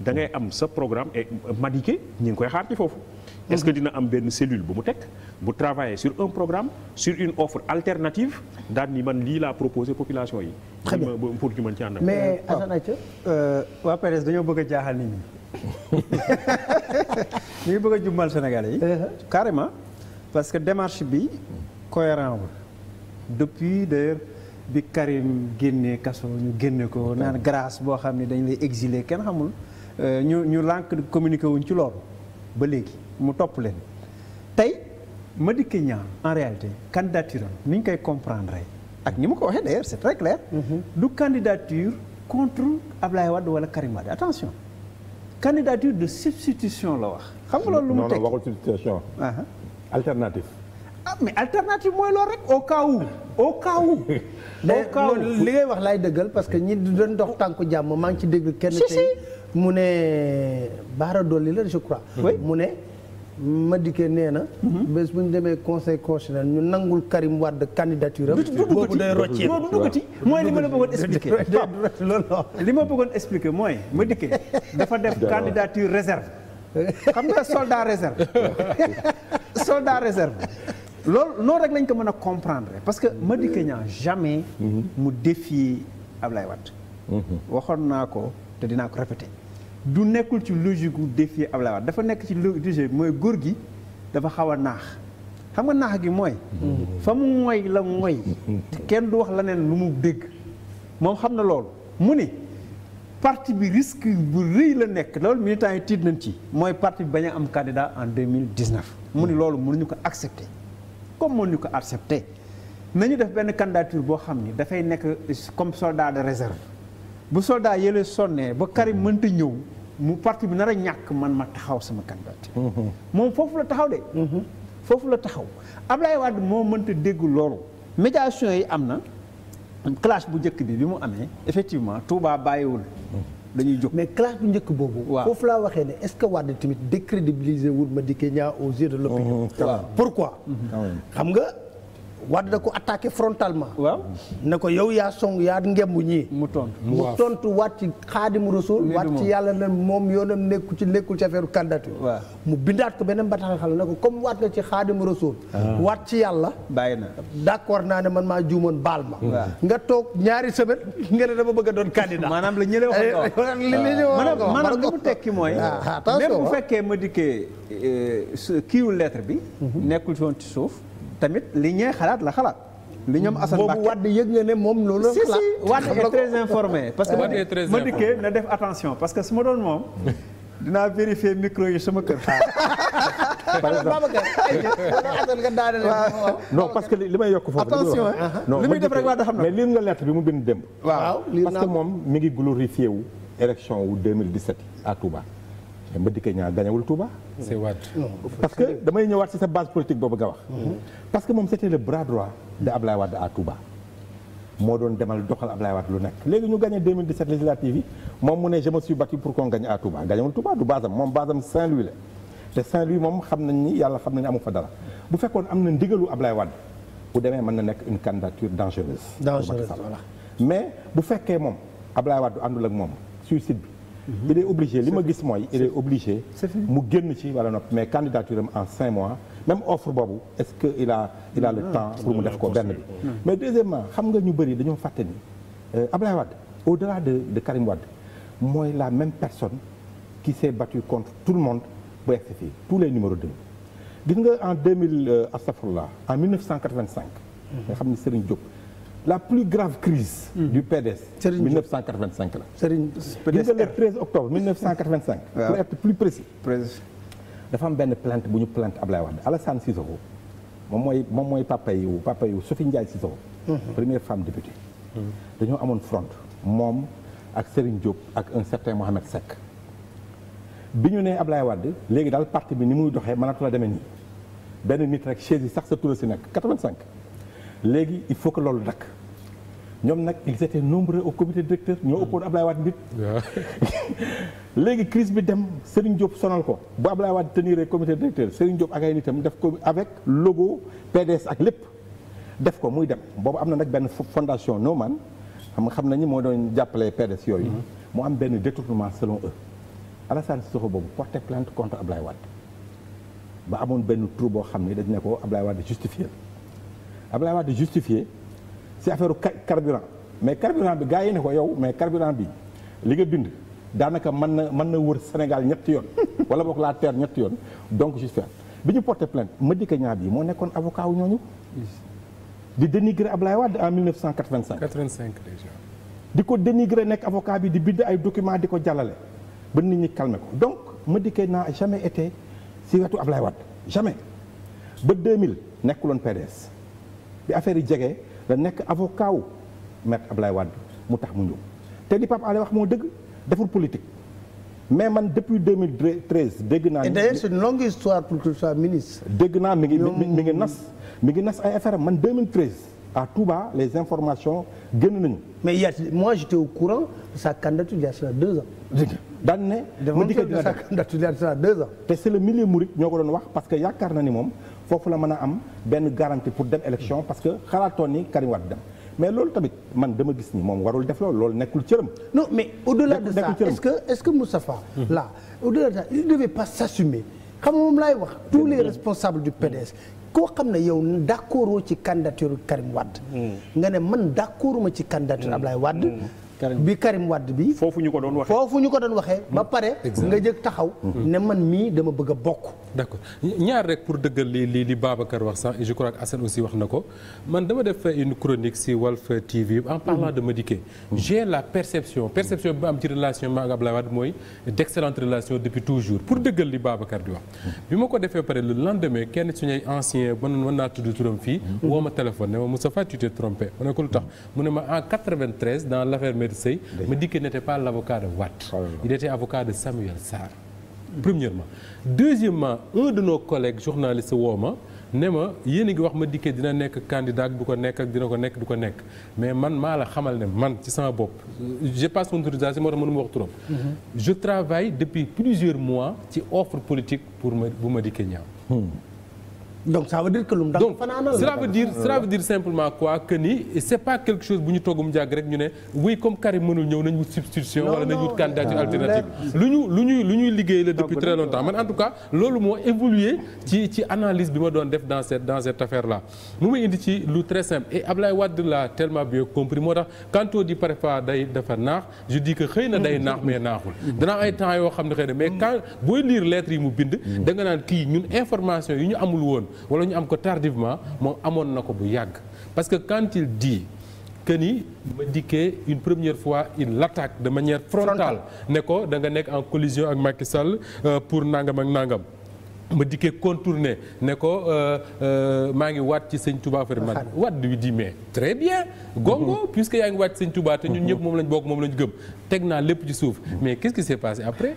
da ngay am sa programme et Madické ñu ngi koy xaar ci foofu. est-ce que dina am benn cellule bu mu teg bu travailler sur un programme sur une offre alternative daal ni man lii laa proposé population yi. très bien pour ñu mën ci àndal. mais euh, Assane euh, waa PDS dañoo bëgg a jaaxal nit ñi *laughs* ñu bëgg a jubal Sénégalais yi. carrément parce que démarche bi cohérent depuis d'ailleurs bi Karim génnee kaso ñu génne ko naan grace boo xam ne dañ lay exiler kenn xamul euh, ñu ñu lànk communiqué wuñ ci loolu ba léegi. mu topp leen tey Madické Niang en réalité candidature am ni koy comprendre ak ni mu ko waxee d'ailleurs c'est très clair mm-hmm. du candidature contre Ablaye Wade wala Karim Wade attention candidature de substitution la wax xam nga loolu lu mu teg non ah, ah. ah mais alternative mooy loolu rek au cas où au cas *laughs* li ngay wax laay dëggal parce que ñi doon dox oh. tànku jàmm maa ngi ci dégg kenn tey mu ne Baara Dolli la je crois mu ne Madické nee na. Mhm. bés bu ñu demee conseil constitutionnel ñu nangul Karim Wade candidature am. boobu day roccee boobu duggati mooy li ma la bëggoon expliqué. li ma bëggoon expliqué mooy Madické dafa def candidature réserve xam nga soldat réserve *laughs* soldat réserve. loolu loolu rek lañ ko mën a comprendre parce que Madické Niang jamais. Mhm. mu défier Ablaye Wade. Mhm. waxoon naa ko te dinaa ko répété. du nekkul ci logique gu défier Ablaye Wade dafa nekk ci logique mooy góor gi dafa xaw a naax xam nga naax gi mooy. fa mu mooy la mooy. kenn du wax leneen lu mu dégg moom xam na loolu mu ne parti bi risque bu rëy la nekk loolu militants yi tiit nañ ci mooy parti bi bañ a am candidat en deux mille dix neuf. mu ne loolu mënuñu ko accepter comme ñu ko accepter nañu def benn candidature boo xam ni dafay nekk comme soldat de réserve. bu soldat yële sonnee ba Karim mënta ñëw mu parti bi nar a ñàkk man ma taxaw sama candidat mhm. moom foofu la taxaw de mhm. foofu la taxaw Ablaye Wade moo mënta dégg loolu médiation yi am na classe bu njëkk bi bi mu amee effectivement Touba bàyyiwul mhm. dañuy jóg mais classe bu njëkk boobu. waaw foofu laa waxee ne est-ce que Wade tamit décrédibiliser wul Madické Niang aux yeux de l'opinion. pourquoi. xam nga Wade da ko attaqué frontalement. waaw ne ko yow yaa song yaa ngemb ñii. mu tontu mu tontu waat ci xaadimu rasul waat ci yàlla ne moom yoonam nekku ci nekkul ci affaire candidature. mu bindaat ko beneen bataaxal na ko comme waat na ci xaadimu rasul. Ah. waat ci yàlla. bàyyi na d' accord naa ne man maa juumoon baal ma. nga toog ñaari semaine nga da dama bëgg doon candidat. maanaam la ñële wax ko li li maanaam mu tekki mooy. Ah, même bu ah. fekkee ma dikkee euh, kiiwu lettre bi. Mhm. nekkul woon ci suuf. tamit li ñee xalaat la xalaat. li ñoom Assane Mbacke boobu Wade yëg nga ne moom loolu. si si Wade est parce que ma dikkee na def attention parce que su ma doon moom. *laughs* dinaa vérifier micro yi sama kër. Ah. *laughs* par exemple non parce que li may yokk foofu. attention li muy def rek waa da xam na mais liir nga lettre bi mu bind démb. waaw parce que moom mi ngi glorifié wu élection wu 2017 à Touba. mais Madické Niang gañewul Touba. c'est waat parce que damay ñëwaat ci sa base politique boobu nga wax. parce que moom c'était le bras droit de Ablaye Wade à Touba. moo doon demal doxal Ablaye Wade lu nekk léegi ñu gagné 2017 législative yi moom mu ne je me suis pour qu'on gagne à Touba gañewul Touba du basam moom basam Saint-Louis la. te Saint-Louis moom xam nañ ni yàlla xam nañ amu fa dara bu fekkoon am na ndigalu Ablaye Wade bu demee mën na nekk une candidature dangereuse. dangereuse voilà mais bu fekkee moom Ablaye Wade àndul ak moom suicide bi. il est obligé li ma gis mooy il est obligé mu génn ci wala nopp mais candidature am en cinq mois même offre boobu est-ce que il a il a le temps pour mu def ko benn bi mais deuxièmement xam nga ñu bëri dañoo fàtte ni euh, Abdoulaye Wade au-delà de Karim Wade mooy la même personne qui s'est battue contre tout le monde bu egsi fii tous les numéros de gis nga en 2000 euh, astafurlah en 1985 nga xam ni Serigne Diop la plus grave crise mmh. du PDS. Serigne 1985 la. Serigne PDS le 13 octobre 1985. *laughs* waaw pour être plus précis. dafa am benn plant bu ñu ab plainte Ablaye Wade Alassane Cissokho moom mooy moom mooy papa yu papa yu Sophie Ndiaye Cissokho. Hmm. première femme députée. Hmm. dañoo amoon fronte moom ak seriñ Diop ak un certain Mohamed Seck. bi ñu nee Ablaye Wade léegi daal parti bi ni muy doxee mënatu la demee nii benn nit rek chaise yi sax sa tur si nekk 85. léegi il faut que loolu dakk ñoom nag ils étaient nombreux au comité directeur ñoo ëppoon Ablaye waat nit *laughs* léegi crise bi dem Serigne Diop sonal ko bu Ablaye Wade tenir comité directeur Serigne Diop ak ay nitam def ko avec logo PDS ak lépp def ko muy dem boobu am na nag benn fondation Neumann xam nga xam nañu moo doon jàppale PDS yooyu mm-hmm. mu am benn détournement selon eux Alassane Sissoko boobu porté plainte contre Ablaye Wade ba amoon benn trou boo xam ne dañ ne ko Ablaye Wade justifié Abdoulaye Wade justifié si affaire carburant mais carburant bi gars yi ne ko yow mais carburant bi li nga bind daanaka mën na mën na wër Sénégal ñetti yoon *laughs* wala boog la terre ñetti yoon donc justifié bi ñu porté ma dikke Niang bi moo nekkoon avocat wu ñooñu di dénigrer Abdoulaye Wade en 1985. 85 déjà. di ko dénigrer nekk avocat bi di bind ay documents di ko jàllale ba nit ñi calmer ko donc ma Madické n'a jamais été si wetu Abdoulaye Wade jamais ba 2000 nekkuloon PDS. bi affaire yi jege la nekk avocat wu maître Ablaye Wade mu tax mu ñëw te li Pape wax moo dëgg deful politique mais man depuis 2013 dégg naa. et d'ailleurs c'est une longue dégg naa mi ngi mi ngi nas mi ngi nas ay affaire man 2013 à Touba les informations génn nañu. mais y a moi j'étais au courant de sa candidature daan ne. mu dikkee dina sa candidature il a cela te c'est le milieu mouride ñoo ko doon wax parce que yaakaar na ni moom. foofu la mën a am benn garantie pour dem élection parce que xalaatoon ni Karim Wade dem mais loolu tamit man dama gis ni moom warul def loolu loolu nekkul cëram. non mais au-delà de ça est-ce que et ce que Moustapha mhm. là au-delà de ça il ne pas s'assumer xam nga moom laay wax tous les mhm. responsables du PDS. koo xam ne yow d'accord ci candidature Karim Wade. Mhm. nga ne man d'accorduma ci candidature Ablaye Wade. bi Karim Wade bi. foofu ñu ko doon waxee foofu ñu ko doon waxee. Mm-hmm. ba pare nga jëg taxaw. Mm-hmm. ne man mii dama bëgg bokk. d'accord ñaar rek pour dëggal li li li Babacar wax sax et je crois aussi wax na ko man dama def une chronique si Walf TV en parlant mm-hmm. de Madické. j'ai la perception perception bi ma am ci relation ma ak Abdoulaye Wade mooy d'excellente relation depuis toujours pour dëggal li Babacar di wax. bi ma ko defee pare le lendemain kenn suñuy ancien ba mën naa tudd fii. woo ma téléphone ne ma Maître Seye Madické n'était pas l'avocat de Wade oh il était avocat de Samuel Sarr premièrement deuxièmement un de journaliste woo ma ne ma yéen a ngi wax Madické dina nekk candidat du ko nekk ak dina ko nekk du ko nekk mais man maa la xamal ne man ci sama bopp j'ai pas son autorisation moo tax mënuma wax trop mm-hmm. je travaille depuis plusieurs mois ci offre politique pour bu Madické Niang hmm. donc ça veut dire que lu mu donc cela veut dire simplement quoi que ni c'est pas quelque chose bu ñu toog mu jàgg rek ñu ne oui comme Karim mënul ñëw nañu wut substitution wala nañu wut alternative lu ñuy lu ñuy liggéey la depuis très longtemps man en tout cas loolu moo évolué ci ci analyse bi ma doon def dans cette dans cette affaire là mu may indi ci lu très simple et Ablaye Wade l'a tellement bien compris moo tax quand on dit parfois day dafa naax je dis que xëy na day naax mais naaxul dana ay yoo xam ne xëy na mais quand booy lire lettres yi mu bind mm. nga naan kii ñun information yi ñu amul woon wala ñu am ko tardivement moom amoon na ko bu yàgg parce que quand il dit que ni ma dikkee une première fois une l'attaque de manière frontale ne ko da nga nekk en collision ak Macky Sall euh, pour nangam ak nangam ma dikkee contourner ne ko euh, euh, maa ngi waat ci sëñ Touba affaire man waat bi di mais très bien. gongo mm-hmm. puisque yaa ngi waat ci sëñ Touba te ñun ñëpp moom lañ bokk moom lañ gëm teg naa lépp ci suuf mais qu'est-ce qui après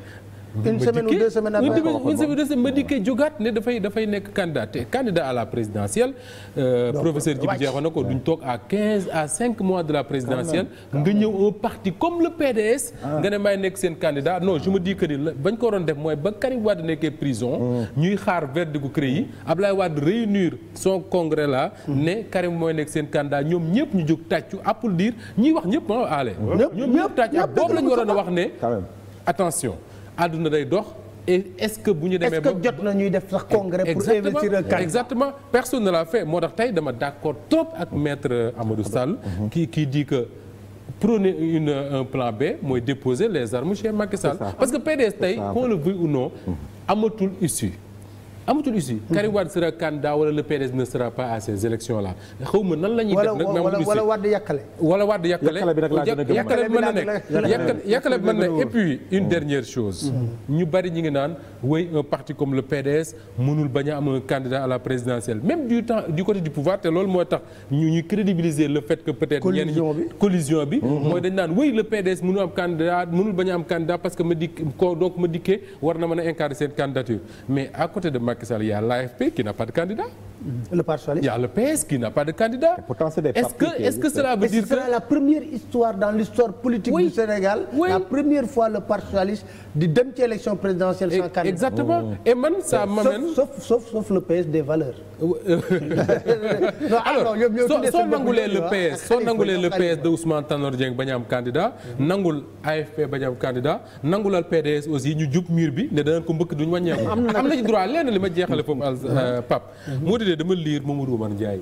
une semaine ou deux semaines après une semaine ma dikkee jógaat ne dafay dafay nekk candidat te candidat à la présidentielle euh, professeur Djibi Diakho na ko duñ toog à quinze à cinq mois de la présidentielle nga ñëw un parti comme le PDS ah. nga ne maay nekk seen candidat non je me dis que ni bañ ko waroon def mooy ba Karim Wade nekkee prison hmm. ñuy xaar verdict CREI Abdoulaye Wade réunir son congrès la hmm. ne Karim mooy nekk seen candidat ñoom ñëpp ñu jóg tàccu applaudir ñiy wax ñëpp moo ah, aale ñoom ñëpp tàccu boobu lañu waroon a wax ne attention àdduna day dox et est-ce que bu ñu demee. est-ce jot na ñuy def sax congrès pour investir le exactement personne ne l'a fait moo tax tey dama d'accord trop ak maître euh, Amadou Sall. Ah qui qui dit que. prôner une euh, un plan B mooy déposer les armes chez Macky Sall. parce que PDS tey qu'on le veuille ou non. Mmh. amatul issue. amatul issue. Karim Wade sera candidat wala le PDS ne sera pas à ces élections là xaw ma nan la ñuy def nag. wala wala Wade yàkkale. wala Wade yàkkale yàkkale bi nag laa gën a gëm yàkkale bi mën na nekk yàkkale bi mën na et puis une mm. dernière chose. ñu bari ñi ngi naan wéy un parti comme le PDS mënul bañ a am un candidat à la présidentielle même du temps du côté du pouvoir te loolu moo tax ñu ñu crédibiliser le fait que peut-être. collision bi. Mm-hmm. mooy dañ naan ma dikk Macky Sall il y a l'AFP qui n'a pas de candidat le parti socialiste. il PS qui n'a pas de candidat. est-ce que est-ce que cela veut dire que ce sera la première histoire dans l'histoire politique du Sénégal. la première fois le parti socialiste di dem ci élection présidentielle sans candidat. exactement oh. et man ça m'amène. le PS des valeurs. *laughs* *laughs* non alors soo ah. nangulee le PS soo nangulee le PS de Ousmane Tanor Dieng bañ a am candidat. nangul AFP bañ a am candidat PDS aussi ñu jub miir bi ne danañ ko mbëkk duñ wàññeeku. am na ci droit lenn li *laughs* tey dama lire Mamadou Oumar Ndiaye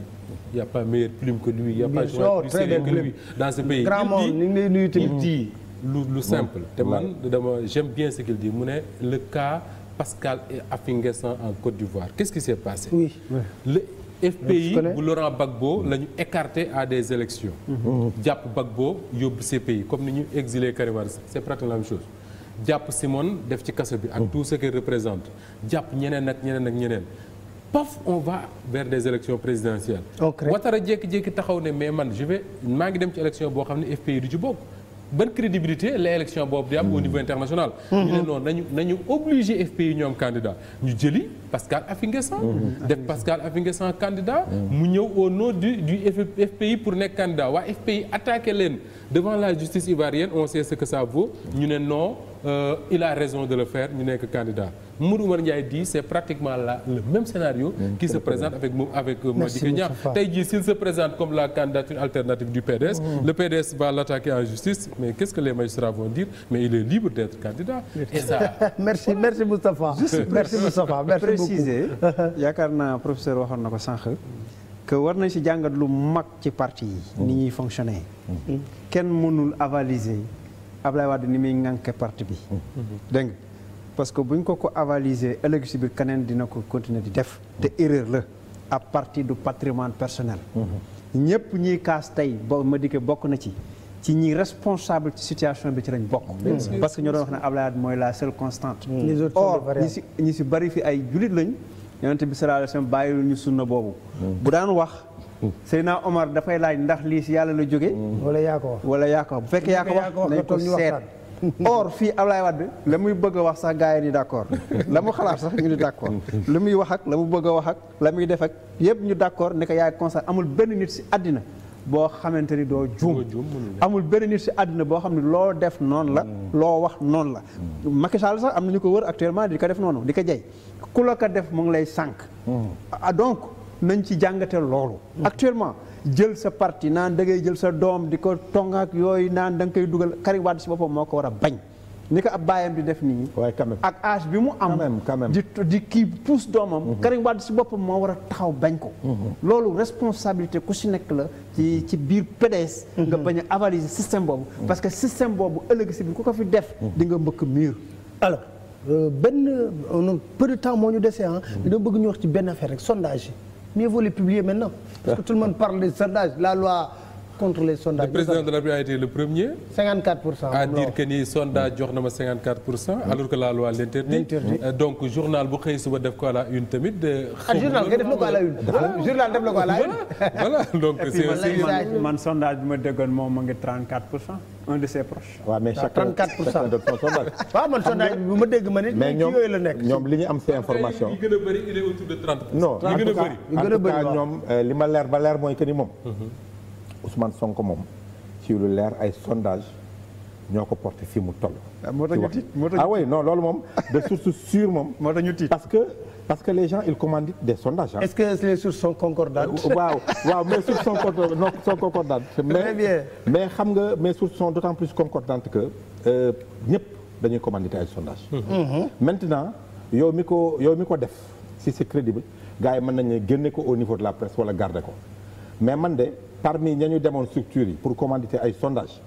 y' a pas meilleure que lui y' a pas journaliste plus sérieux que lui dans ce pays. grand moom ñu ngi lay mmh. lu lu simple. te man dama j'aime bien ce mu ne le cas Pascal et Affi N'Guessan en Côte d'Ivoire qu'est-ce qui s'est passé. oui le FPI bu Laurent Gbagbo la ñu écarté à des élections mmh. Mmh. jàpp bag Gbagbo yóbbu CPI comme ni ñu exile Karim Wade c'est pratiquement la même chose. jàpp Simone def ci kaso bi. ak tout ce qu'il représente. jàpp ñeneen ak ñeneen ak ñeneen. paf on va vers des élections présidentielles. Ouattara jékki-jékki taxaw ne mais man je maa ngi dem ci élection boo xam ne FPI du ci bokk. ban crédibilité la élection boobu di am au niveau international. Mhm. ñu ne noonu nañu nañu obligé FPI ñoom candidat ñu jëli Pascal Affinguessan. Mhm. def Pascal Affinguessan candidat. Mhm. mu ñëw au nom du FPI pour nekk candidat waa FPI attaqué leen devant la justice ivoirienne on sait ce que ça vaut ñu ne non. euh, il a raison de le faire ñu nekk candidat Modou Oumar Ndiaye dit c'est pratiquement la le même scénario qui se présente avec avec euh, Madické Niang tey jii s'il se présente comme la candidature alternative du PDS mmh. le PDS va l'attaquer en justice mais qu'est-ce que les magistrats vont dire mais il est libre d'être candidat et ça *laughs* merci voilà. merci Moustapha merci Moustapha merci beaucoup préciser yaakaar naa professeur waxoon na ko sànq que war nañ ci jàngat lu mag ci parti yi ni ñuy fonctionner mmh. kenn mënul avaliser Ablaye Wade ni muy ŋànke parti bi. dégg nga parce que bu ñu ko ko avaliser ëllëg bi biir keneen dina ko continuer di def. te erreur la à partir du patrimoine personnel. ñëpp ñuy kaas tey bo ma dikkee bokk na ci. ci ñi responsable ci situation bi ci lañ bokk. parce que ñoo doon wax ne Ablaye Wade mooy la seule constante. les autres or ñi si ñi si bari fi ay jullit lañ. yonent bi sallallahu alayhi bàyyi bàyyiwul ñu sunna boobu. bu daan wax. Seydina Omar dafay laaj ndax lii si yàlla la jóge wala yaa ko wax wala yaa ko wax bu fekkee yaa ko wax nañ ko seet *laughs* or fii Ablaye Wade la muy bëgg a wax sax gars yi ni d' la mu xalaat sax ñu ni d' accord muy wax ak la mu bëgg a wax ak la muy def ak yëpp ñu d' accord ne ko yaay constat amul benn nit si àddina boo xamante ni doo juum amul benn nit si àddina boo xam ne loo def noonu la loo wax noonu la Macky Sall sax am na ñu ko wër actuellement di ko def noonu di ko jey ku la ko def mu ngi lay sànq hmm. ah, nañ ci jàngatee loolu. actuellement jël sa parti naan da ngay jël sa doom di ko tongaak yooyu naan da nga koy dugal Karim si boppam moo ko war a bañ. ni ko ab baayam di def nii. waaye quand même ak âge bi mu am. quand même di kii pousse doomam. Mm-hmm. Karim Wade si boppam moo war a taxaw bañ ko. Mm-hmm. loolu responsabilité ku si nekk la ci ci biir PDS. Mm-hmm. nga bañ a avaliser système boobu. parce que système boobu ëllëg si bi ko ko fi def. di nga mbëkk mur. alors euh, benn peu de moo ñu dese ah. dina bëgg ñu wax ci benn affaire rek sondage mieux vaut les publier maintenant. parce que tout le monde parle des sondages la loi. contre les sondages. le président de la République a été le premier. 54 pour cent jox na ma 54 pour cent. Mm. alors l'interdit. Euh, donc journal bu xëy suba def ko à une tamit. ah journal nga def na ko à une. journal bi ma déggoon moom mu ngi 34 *laughs* waaw man sondage bi ma dégg ma nit. mais ñoom ñoom li ñu am ces informations. yi gën a bëri il est autour de 30 pour cent. non en tout cas ñoom euh, li ma leer ba leer mooy que ni moom. Mm-hmm. Ousmane Sonko moom ci lu leer ay sondage ñoo ko porté fi mu toll. Ah, moo tax ñu tiit moo tax ah oui non loolu moom de source sûre moom. *laughs* moo tax ñu tiit parce que parce que les gens ils commandent des sondages. est-ce que les sources sont concordantes. Euh, waaw waaw mes sources sont con mais xam nga mes sources sont d'autant plus concordantes que euh, ñëpp dañuy commandité ay sondage mm-hmm. mm-hmm. maintenant yow mi ko yow mi ko def si c'est crédible gaa yi mën nañu génne ko au niveau de la presse wala garder ko mais man de. parmi ña ñu demoon structure yi pour commanditer ay sondage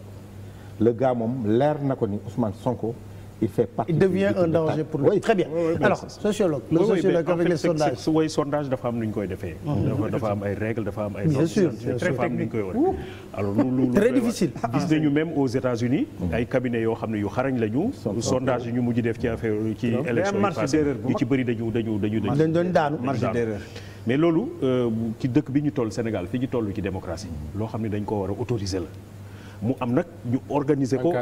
le gars moom leer na ko ni Ousmane Sonko il fait partie il devient un danger pour lui. très bien alors sociologue. dafa am nu ñu koy defee. dafa am ay règles dafa am ay. bien sûr très technique koy alors loolu très difficile gis ah. nañu mm-hmm. ay cabinets yoo xam ne yu xarañ lañu. sondage yi ñu mujj def ci affaire ci élection yi. ci bëri dañu dañu dañu dañu. dañu doon daanu marge d'erreur mais loolu euh, ci dëkk bi ñu toll Sénégal fi ñu toll ci démocratie loo xam ne dañ ko war a autoriser la mu am nag ñu organiser ko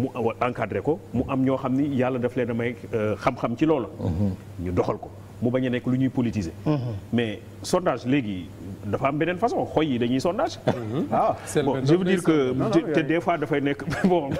mu encadré ko mu am ñoo xam ni yàlla daf leen may euh, xam-xam ci loola mhm. ñu doxal ko mu bañ a nekk lu ñuy politiser mhm. mais sondage léegi dafa am beneen façon xoy yi dañuy sondage. waaw mhm. ah, bon je veux dire que te des fois dafay nekk *laughs* bon.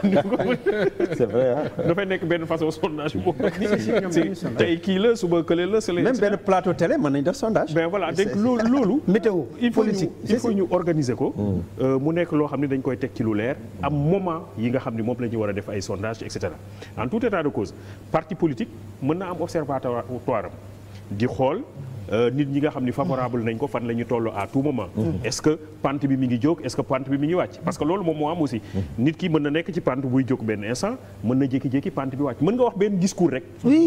*laughs* c'est nekk benn façon sondage boo xam kii la suba kële la. même benn plateau télé mën nañ def sondage. mais voilà donc loolu *laughs* météo politique il faut ñu organiser ko. Mm. Euh, mu nekk loo xam ne dañ koy teg ci lu leer. am moment yi nga xam ne moom la ñu war a def ay sondage et cetera en tout état de cause parti politique mën na am observatoire am di xool. Euh, nit ñi nga xam ni favorable nañ ko fan la ñu toll à tout moment mm-hmm. est-ce que pente bi mi ngi jóg est-ce que pente bi mi ngi wàcc parce que loolu moom moo am aussi mm-hmm. nit ki mën na nekk ci pente buy jóg benn instant mën na jékki-jékki pente bi wàcc wax benn discours rek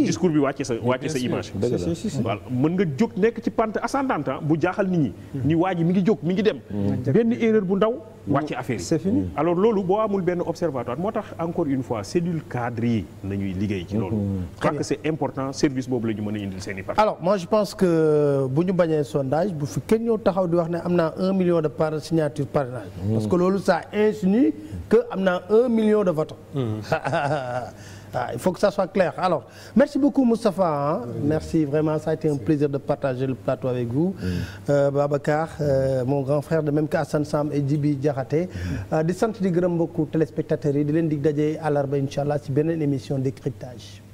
discours bi wàcce sa wàcce sa image voilà mën nga jóg nekk ci pente ascendante ah, bu jaaxal nit ñi mm-hmm. ni waa ji mi ngi jóg mi ngi dem benn erreur bu ndaw wàcc affaire yi mm. alors loolu boo amul benn observatoire moo tax encore une fois cellule cadre yi nañuy liggéey ci loolu parce mm-hmm. que c'est important service boobu la ñu mën a indil seen i parts alors moi je pense que bu ñu bañee sondage bu fi kenn ñëw taxaw di wax ne am na un million de par signature parrainage mm. parce que loolu ça insinue que am naa un million de votes mm. *laughs* Ah, il faut que ça soit clair. Alors, merci beaucoup Moustapha. Oui. Merci vraiment, ça a été un plaisir de partager le plateau avec vous. Oui. Euh, Babacar, euh, mon grand frère de même que Assane Sam et Djibi Diakhaté. Euh, di sant di gërëm mbokku téléspectateurs yi di leen dig daje àllarba incha allah ci beneen émission décryptage.